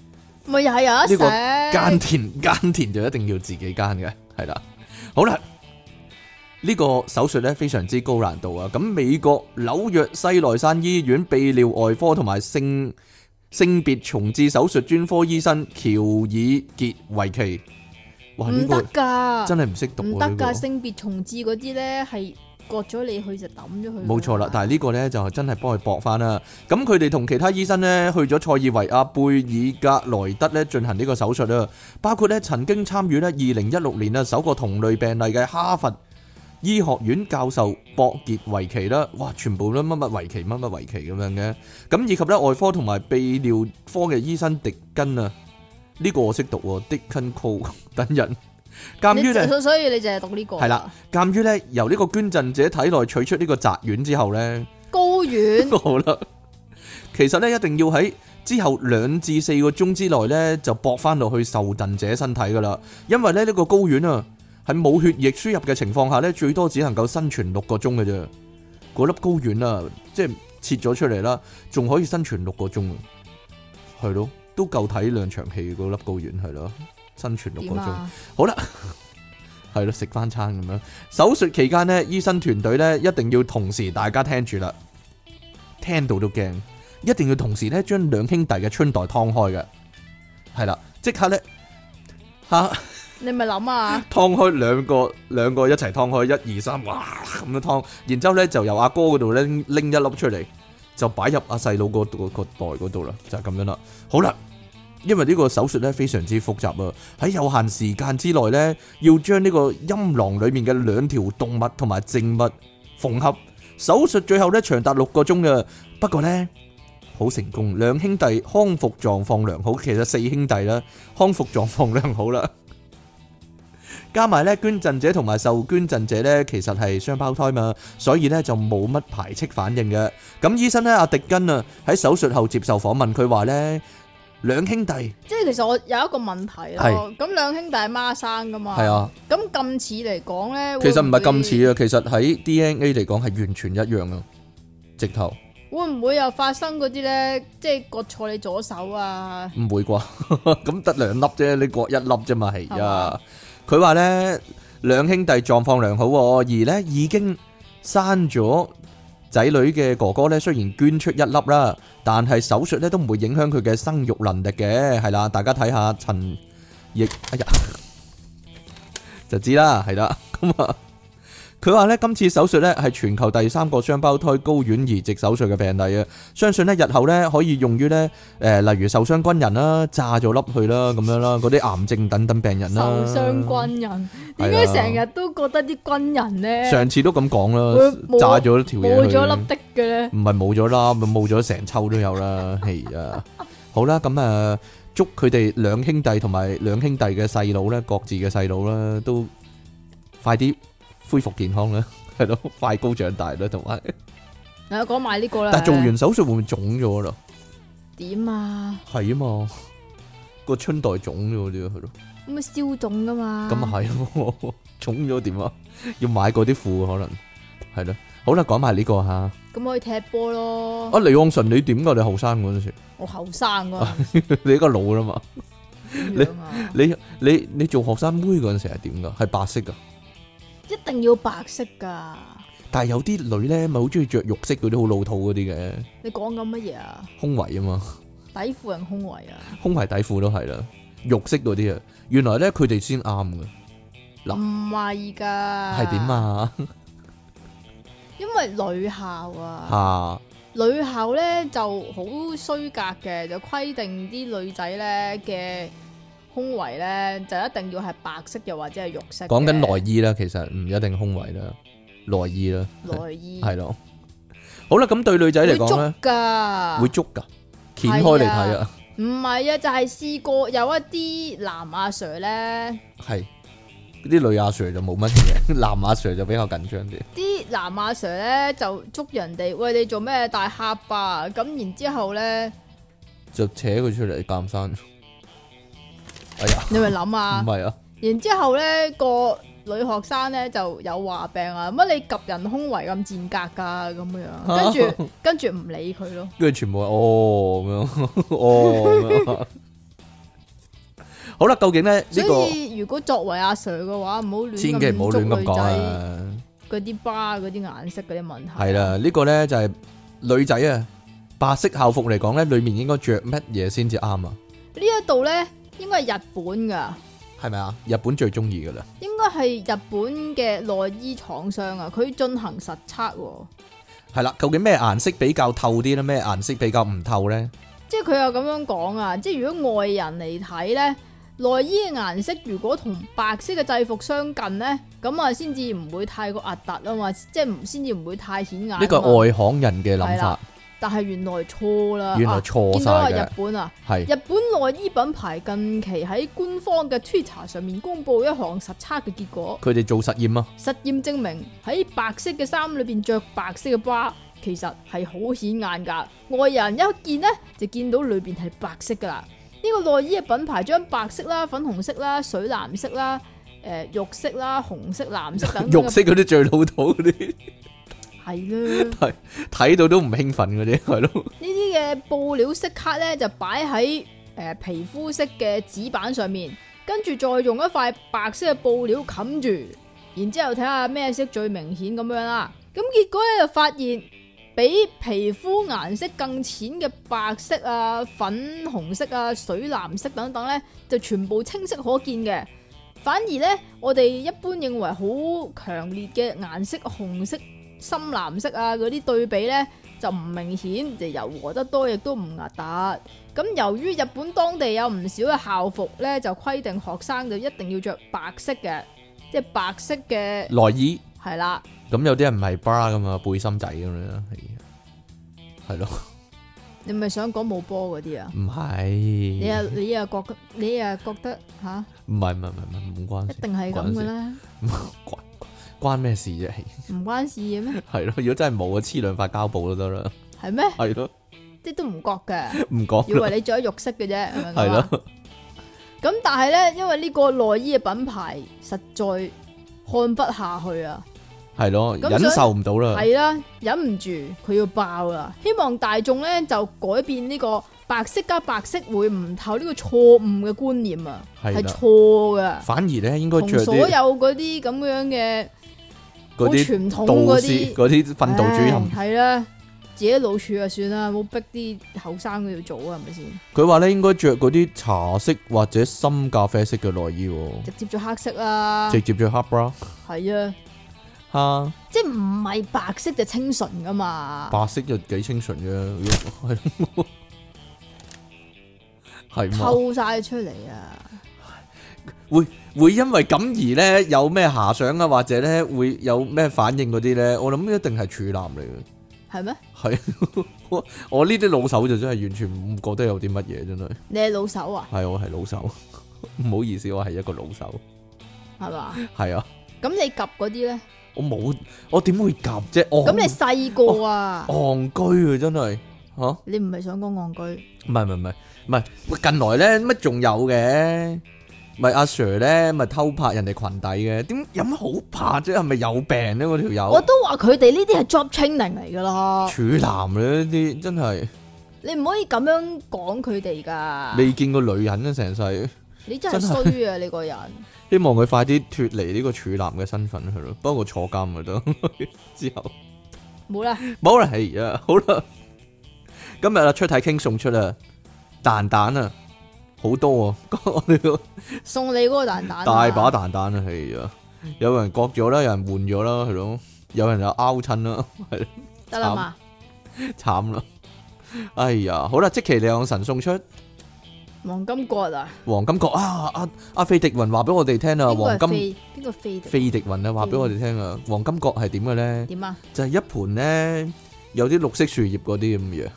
咪又係有一成耕田耕田，就一定要自己耕嘅。係啦，好啦，呢、這個手術咧非常之高難度啊，咁美國紐約西奈山醫院泌尿外科同埋性。性別重置手術專科醫生喬爾傑維奇，唔得噶，真係唔識讀啊，唔得噶。性別重置嗰啲呢係割咗你去就抌咗佢。冇錯啦，但係呢個呢就真係幫佢駁翻啦。咁佢哋同其他醫生呢去咗塞爾維亞貝爾格萊德呢進行呢個手術啊，包括呢曾經參與呢二零一六年啊首個同類病例嘅哈佛。醫學院教授博傑維奇啦，哇，全部都乜乜維奇，乜乜維奇咁樣嘅，咁以及咧外科同埋泌尿科嘅醫生迪根啊，呢、這個我識讀，Dickin Cole， 等人。鑒於所以你就係讀呢、這個係啦。鑒於咧，鑑於由呢個捐贈者體內取出呢個集院之後咧，高院院 好啦。其實咧，一定要喺之後兩至四個鐘之內咧，就駁返落去受贈者身體噶啦，因為咧呢個高院啊。喺冇血液輸入嘅情況下咧，最多只能夠生存六個鐘嘅啫。嗰、那、粒、個、睾丸啊，即係切咗出嚟啦，仲可以生存六個鐘。係咯，都夠睇兩場戲嗰粒睾丸係咯，生存六個鐘。啊、好啦了，係 咯，食翻餐咁樣。手術期間呢，醫生團隊咧一定要同時大家聽住啦，聽到都驚。一定要同時咧將兩兄弟嘅春袋劏開嘅，係啦，即刻咧嚇。啊你咪諗啊！劏開兩個，兩個一齊劏開，一二三，哇咁樣劏，然之後咧就由阿哥嗰度咧拎一粒出嚟，就擺入阿細佬個個個袋嗰度啦，就係咁樣啦。好啦，因為呢個手術咧非常之複雜啊，喺有限時間之內咧要將呢個陰囊裏面嘅兩條動物同埋靜物縫合。手術最後咧長達六個鐘嘅，不過咧好成功，兩兄弟康復狀況良好，其實四兄弟啦康復狀況良好啦。加埋咧，捐贈者同埋受捐贈者咧，其實係雙胞胎嘛，所以咧就冇乜排斥反應嘅。咁醫生咧，阿迪根啊，喺手術後接受訪問，佢話咧兩兄弟，即係其實我有一個問題啊。係。咁兩兄弟係孖生噶嘛？係啊。咁咁似嚟講咧？其實唔係咁似啊，其實喺 DNA 嚟講係完全一樣啊，直頭。會唔會又發生嗰啲咧？即係割錯你左手啊？唔會啩？咁得兩粒啫，你割一粒啫嘛，係啊。佢話呢兩兄弟狀況良好，而呢已經生咗仔女嘅哥哥呢，雖然捐出一粒啦，但係手術呢都唔會影響佢嘅生育能力嘅，係啦，大家睇下陳亦，哎呀就知啦，係啦，咁啊。佢話咧，今次手術咧係全球第三個雙胞胎睪丸移植手術嘅病例啊！相信咧，日後咧可以用於咧，誒，例如受傷軍人啦，炸咗粒去啦，咁樣啦，嗰啲癌症等等病人啦。受傷軍人點解成日都覺得啲軍人咧？上次都咁講啦，炸咗條嘢去冇咗粒的嘅咧？唔係冇咗啦，咪冇咗成抽都有啦，係啊！好啦，咁啊，祝佢哋兩兄弟同埋兩兄弟嘅細佬咧，各自嘅細佬啦，都快啲！恢復健康啦，係 咯，快高長大啦，同埋，嚟講埋呢個啦。但係做完手術會唔會腫咗咯？點啊？係啊嘛，個春袋腫咗啲啊，係咯。咁咪消腫噶嘛？咁啊係啊，腫咗點啊？要買嗰啲褲可能係咯。好啦，講埋呢個吓。咁可以踢波咯。啊，李旺純，你點噶？你後生嗰陣時。我後生噶，你個老啦嘛？你你你你做學生妹嗰陣時係點噶？係白色噶。一定要白色噶，但係有啲女咧，咪好中意着肉色嗰啲，好老土嗰啲嘅。你講緊乜嘢啊？胸圍啊嘛，底褲定胸圍啊，胸圍底褲都係啦，肉色嗰啲啊，原來咧佢哋先啱噶。嗱，唔係噶，係點啊？因為女校啊，吓，女校咧就好衰格嘅，就規定啲女仔咧嘅。胸圍咧就一定要係白色又或者係肉色。講緊內衣啦，其實唔一定胸圍啦，內衣啦。內衣。係咯。好啦，咁對女仔嚟講咧。會捉噶。會捉噶。掀開嚟睇啊。唔係啊，就係試過有一啲男阿 sir 咧。係。嗰啲女阿 sir 就冇乜嘢，男阿 sir 就比較緊張啲。啲男阿 sir 咧就捉人哋，喂你做咩大俠呀？咁然之後咧，就扯佢出嚟鑒生。你咪諗啊，然之後咧個女學生咧就有話病啊，乜你及人胸圍咁賤格噶咁嘅樣，跟住跟住唔理佢咯，跟住全部哦咁樣哦，好啦，究竟咧呢個如果作為阿 Sir 嘅話，唔好亂千祈唔好亂咁講啊，嗰啲 bra、嗰啲顏色嗰啲問題係啦。呢個咧就係女仔啊，白色校服嚟講咧，裏面應該着乜嘢先至啱啊？呢一度咧。應該係日本噶，係咪啊？日本最中意噶啦。應該係日本嘅內衣廠商啊，佢進行實測。係啦，究竟咩顏色比較透啲咧？咩顏色比較唔透咧？即係佢又咁樣講啊！即係如果外人嚟睇咧，內衣嘅顏色如果同白色嘅制服相近咧，咁啊先至唔會太過壓突啊嘛，即係唔先至唔會太顯眼。呢個外行人嘅諗法。但係原來錯啦，見到啊日本啊，是日本內衣品牌近期喺官方嘅 Twitter 上面公布一項實測嘅結果。佢哋做實驗啊，實驗證明喺白色嘅衫裏邊着白色嘅 bra，其實係好顯眼㗎。外人一見呢，就見到裏邊係白色㗎啦。呢、這個內衣嘅品牌將白色啦、粉紅色啦、水藍色啦、誒、呃、肉色啦、紅色、藍色等、等。 肉色嗰啲最老土嗰啲。係啦，睇 到都唔興奮嘅係咯。呢啲嘅布料色卡咧，就擺喺誒皮膚色嘅紙板上面，跟住再用一塊白色嘅布料冚住，然之後睇下咩色最明顯咁樣啦。咁結果咧就發現，比皮膚顏色更淺嘅白色啊、粉紅色啊、水藍色等等咧，就全部清晰可見嘅。反而咧，我哋一般認為好強烈嘅顏色紅色。深藍色啊，嗰啲對比咧就唔明顯，就柔和得多，亦都唔壓突。咁由於日本當地有唔少嘅校服咧，就規定學生就一定要着白色嘅，即係白色嘅內衣係啦。咁有啲人唔係 bra 噶嘛，背心仔咁樣係，係咯。你咪想講冇波嗰啲啊？唔係。你呀你呀覺得你呀覺得吓？唔係唔係唔係唔關，一定係咁噶啦。關咩事啫？唔關事嘅咩？係咯，如果真係冇啊，黐兩塊膠布都得啦。係咩？係咯，即係都唔覺嘅，唔覺，以為你着咗肉色嘅啫。係咯。咁但係咧，因為呢個內衣嘅品牌實在看不下去啊。係咯，忍受唔到啦。係啦，忍唔住佢要爆啦。希望大眾咧就改變呢個白色加白色會唔透呢個錯誤嘅觀念啊，係錯㗎。反而咧應該着所有嗰啲咁樣嘅。啲傳統嗰啲嗰啲訓導主任係啦、啊，自己老處就算啦，冇逼啲後生佢要做啊，係咪先？佢話咧應該着嗰啲茶色或者深咖啡色嘅內衣，直接着黑色啦，直接着黑 bra，係啊，吓、啊，即係唔係白色就清純噶嘛，白色就幾清純啫。係嘛，係透晒出嚟啊！會會因為咁而咧有咩遐想啊，或者咧會有咩反應嗰啲咧？我諗一定係處男嚟嘅。係咩嗎？係 我呢啲老手就真係完全唔覺得有啲乜嘢，真係。你係老手啊？係，我係老手，唔 好意思，我係一個老手，係嘛吧？係 啊。咁你夾嗰啲咧？我冇，我點會夾啫？我咁你細個啊？戇居啊，真係吓！你唔係想講戇居？唔係唔係唔係唔係，近來咧乜仲有嘅？咪阿 Sir 咧，咪、啊、偷拍人哋裙底嘅，點有好怕啫？係咪有病，啊那個，呢？我條友我都話佢哋呢啲係 job cheating 嚟噶啦處男呢啲真係，你唔可以咁樣講佢哋噶。未見過女人啊，成世，你真係衰啊！的你個人，希望佢快啲脫離呢個處男嘅身份去咯。不過坐監咪都之後冇啦，冇啦了，係啊，好啦， 今日啊出體傾送出啦，蛋蛋啊！好多啊！我哋個送你嗰個蛋蛋，大把蛋蛋啊！係啊，有人割咗啦，有人換咗啦，係咯，有人又拗親啦，係咯，得啦嘛，慘啦！哎呀，好啦，積淇離岸神送出黃金角啊！黃金角啊！阿阿費迪雲話俾我哋聽啊！黃金邊個費？邊個費？費迪雲啊！話俾我哋聽啊！黃金角係點嘅咧？點啊？就係一盤咧，有啲綠色樹葉嗰啲咁樣。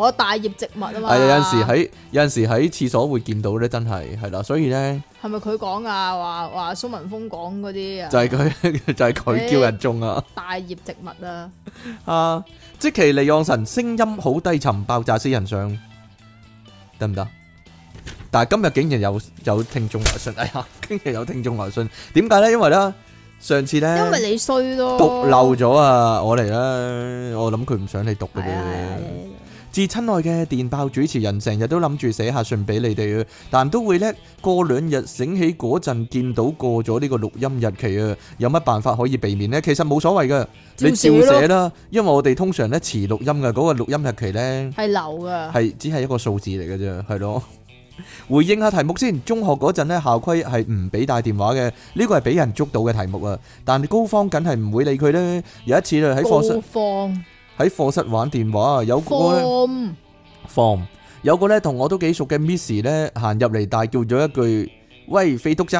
我大葉植物啊嘛，係啊！有陣時喺有陣時喺廁所會見到咧，真係係啦，所以咧，係咪佢講啊？話話蘇文峰講嗰啲啊，就係佢就係佢叫人種啊！大葉植物啊，啊！積淇離岸神聲音好低沉，爆炸死人上得唔得？但係今日竟然有有聽眾來信，哎呀，今日有聽眾來信，點解咧？因為咧，上次咧，因為你衰咯，讀漏咗啊！我嚟啦，我諗佢唔想你讀嘅。自親愛嘅電爆主持人成日都諗住寫下信俾你哋啊，但都會咧過兩日醒起嗰陣見到過咗呢個錄音日期啊，有乜辦法可以避免咧？其實冇所謂噶，你照寫啦，因為我哋通常咧遲錄音噶嗰個錄音日期咧係流噶，係只係一個數字嚟噶啫，係咯。回應下題目先，中學嗰陣咧校規係唔俾帶電話嘅，呢個係俾人捉到嘅題目啊，但高方梗係唔會理佢咧。有一次咧喺課室。高方。喺課室玩電話，有個 f Form. 有個咧同我都幾熟嘅 Miss 咧行入嚟，大叫咗一句：「喂，肥督仔，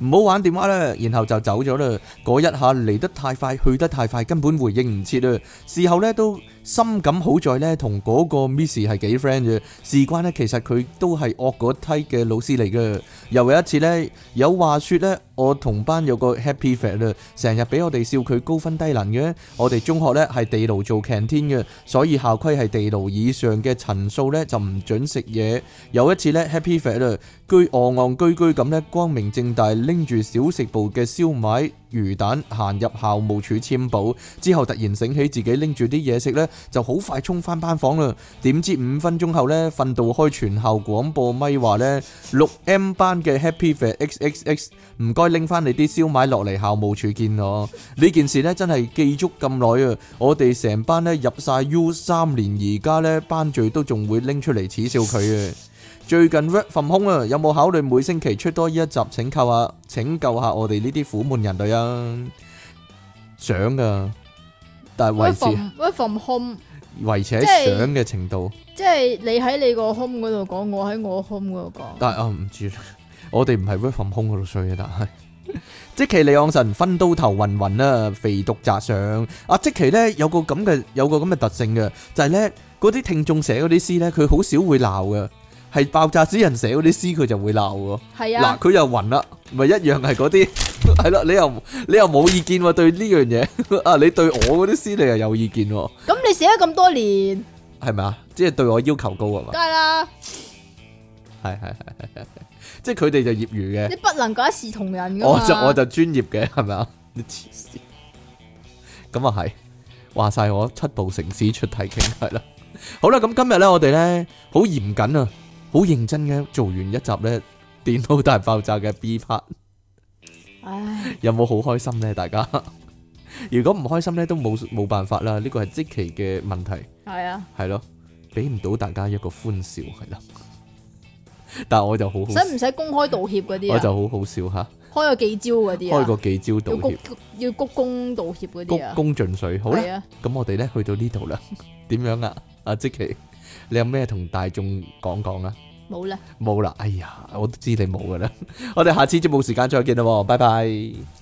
唔 好玩電話啦！然後就走咗啦。嗰一下嚟得太快，去得太快，根本回應唔切啊！事後咧都。深感好在呢，同嗰個 Miss 係幾 friend 嘅。事關呢，其實佢都係惡嗰梯嘅老師嚟嘅。又有一次呢，有話説呢，我同班有個 Happy Fat 成日俾我哋笑佢高分低能嘅。我哋中學呢係地牢做 canteen 嘅，所以校規係地牢以上嘅層數呢就唔準食嘢。有一次呢，Happy Fat 啦，居昂昂居居咁呢，光明正大拎住小食部嘅燒賣。魚蛋行入校務處簽簿之後，突然醒起自己拎住啲嘢食咧，就好快衝翻班房啦。點知五分鐘後咧，訓導開全校廣播咪話咧，六 M 班嘅 Happy Fair X X X 唔該拎翻你啲燒賣落嚟校務處見我。呢件事咧真係記足咁耐啊！我哋成班咧入晒 U 三年，而家咧班聚都仲會拎出嚟恥笑佢啊！最近 work from home 啊，有冇考慮每星期出多呢一集？請救下，請救下我哋呢啲苦悶人類啊！想噶，但係維持 work from home 維持喺想嘅程度，即係你喺你個 home 嗰度講，我喺我 home 嗰度講。但係啊，唔知我哋唔係 work from home 嗰度睡啊。但係，積淇離岸神分刀頭暈暈啦，肥毒扎上啊。積淇咧有個咁嘅有個咁嘅特性嘅就係咧，嗰啲聽眾寫嗰啲詩咧，佢好少會鬧嘅。係爆炸死人寫嗰啲詩，佢就會鬧喎。係是啊，嗱佢又暈啦，咪一樣係嗰啲，係 啦你又你又冇意見對呢樣嘢啊。 你對我嗰啲詩你又有意見？咁你寫咗咁多年，係咪啊？即係對我要求高啊嘛？梗係啦，係係係，即係佢哋就業餘嘅，你不能夠一視同仁噶嘛。我就我就專業嘅，係咪啊？你黐線，咁啊係，話晒我七步城市出體傾偈啦。 好啦，咁、嗯、今日咧我哋咧好嚴謹啊。好認真嘅做完一集咧，電腦大爆炸嘅 B part， 唉，有冇好開心咧？大家 如果唔開心咧，都冇冇辦法啦。呢個係積淇嘅問題，係啊，係咯，俾唔到大家一個歡笑係啦。 但係我就好好使唔使公開道歉嗰啲我就好好笑吓，開咗幾招嗰啲，啊、開個幾招道歉要，要鞠躬道歉嗰啲鞠躬盡瘁好啦。咁、啊、我哋咧去到呢度啦，點樣啊？阿積淇。啊啊啊啊你有咩同大眾講講啊？冇啦了，冇啦，哎呀，我都知你冇噶啦。 我哋下次節目時間再見啦，喎，拜拜。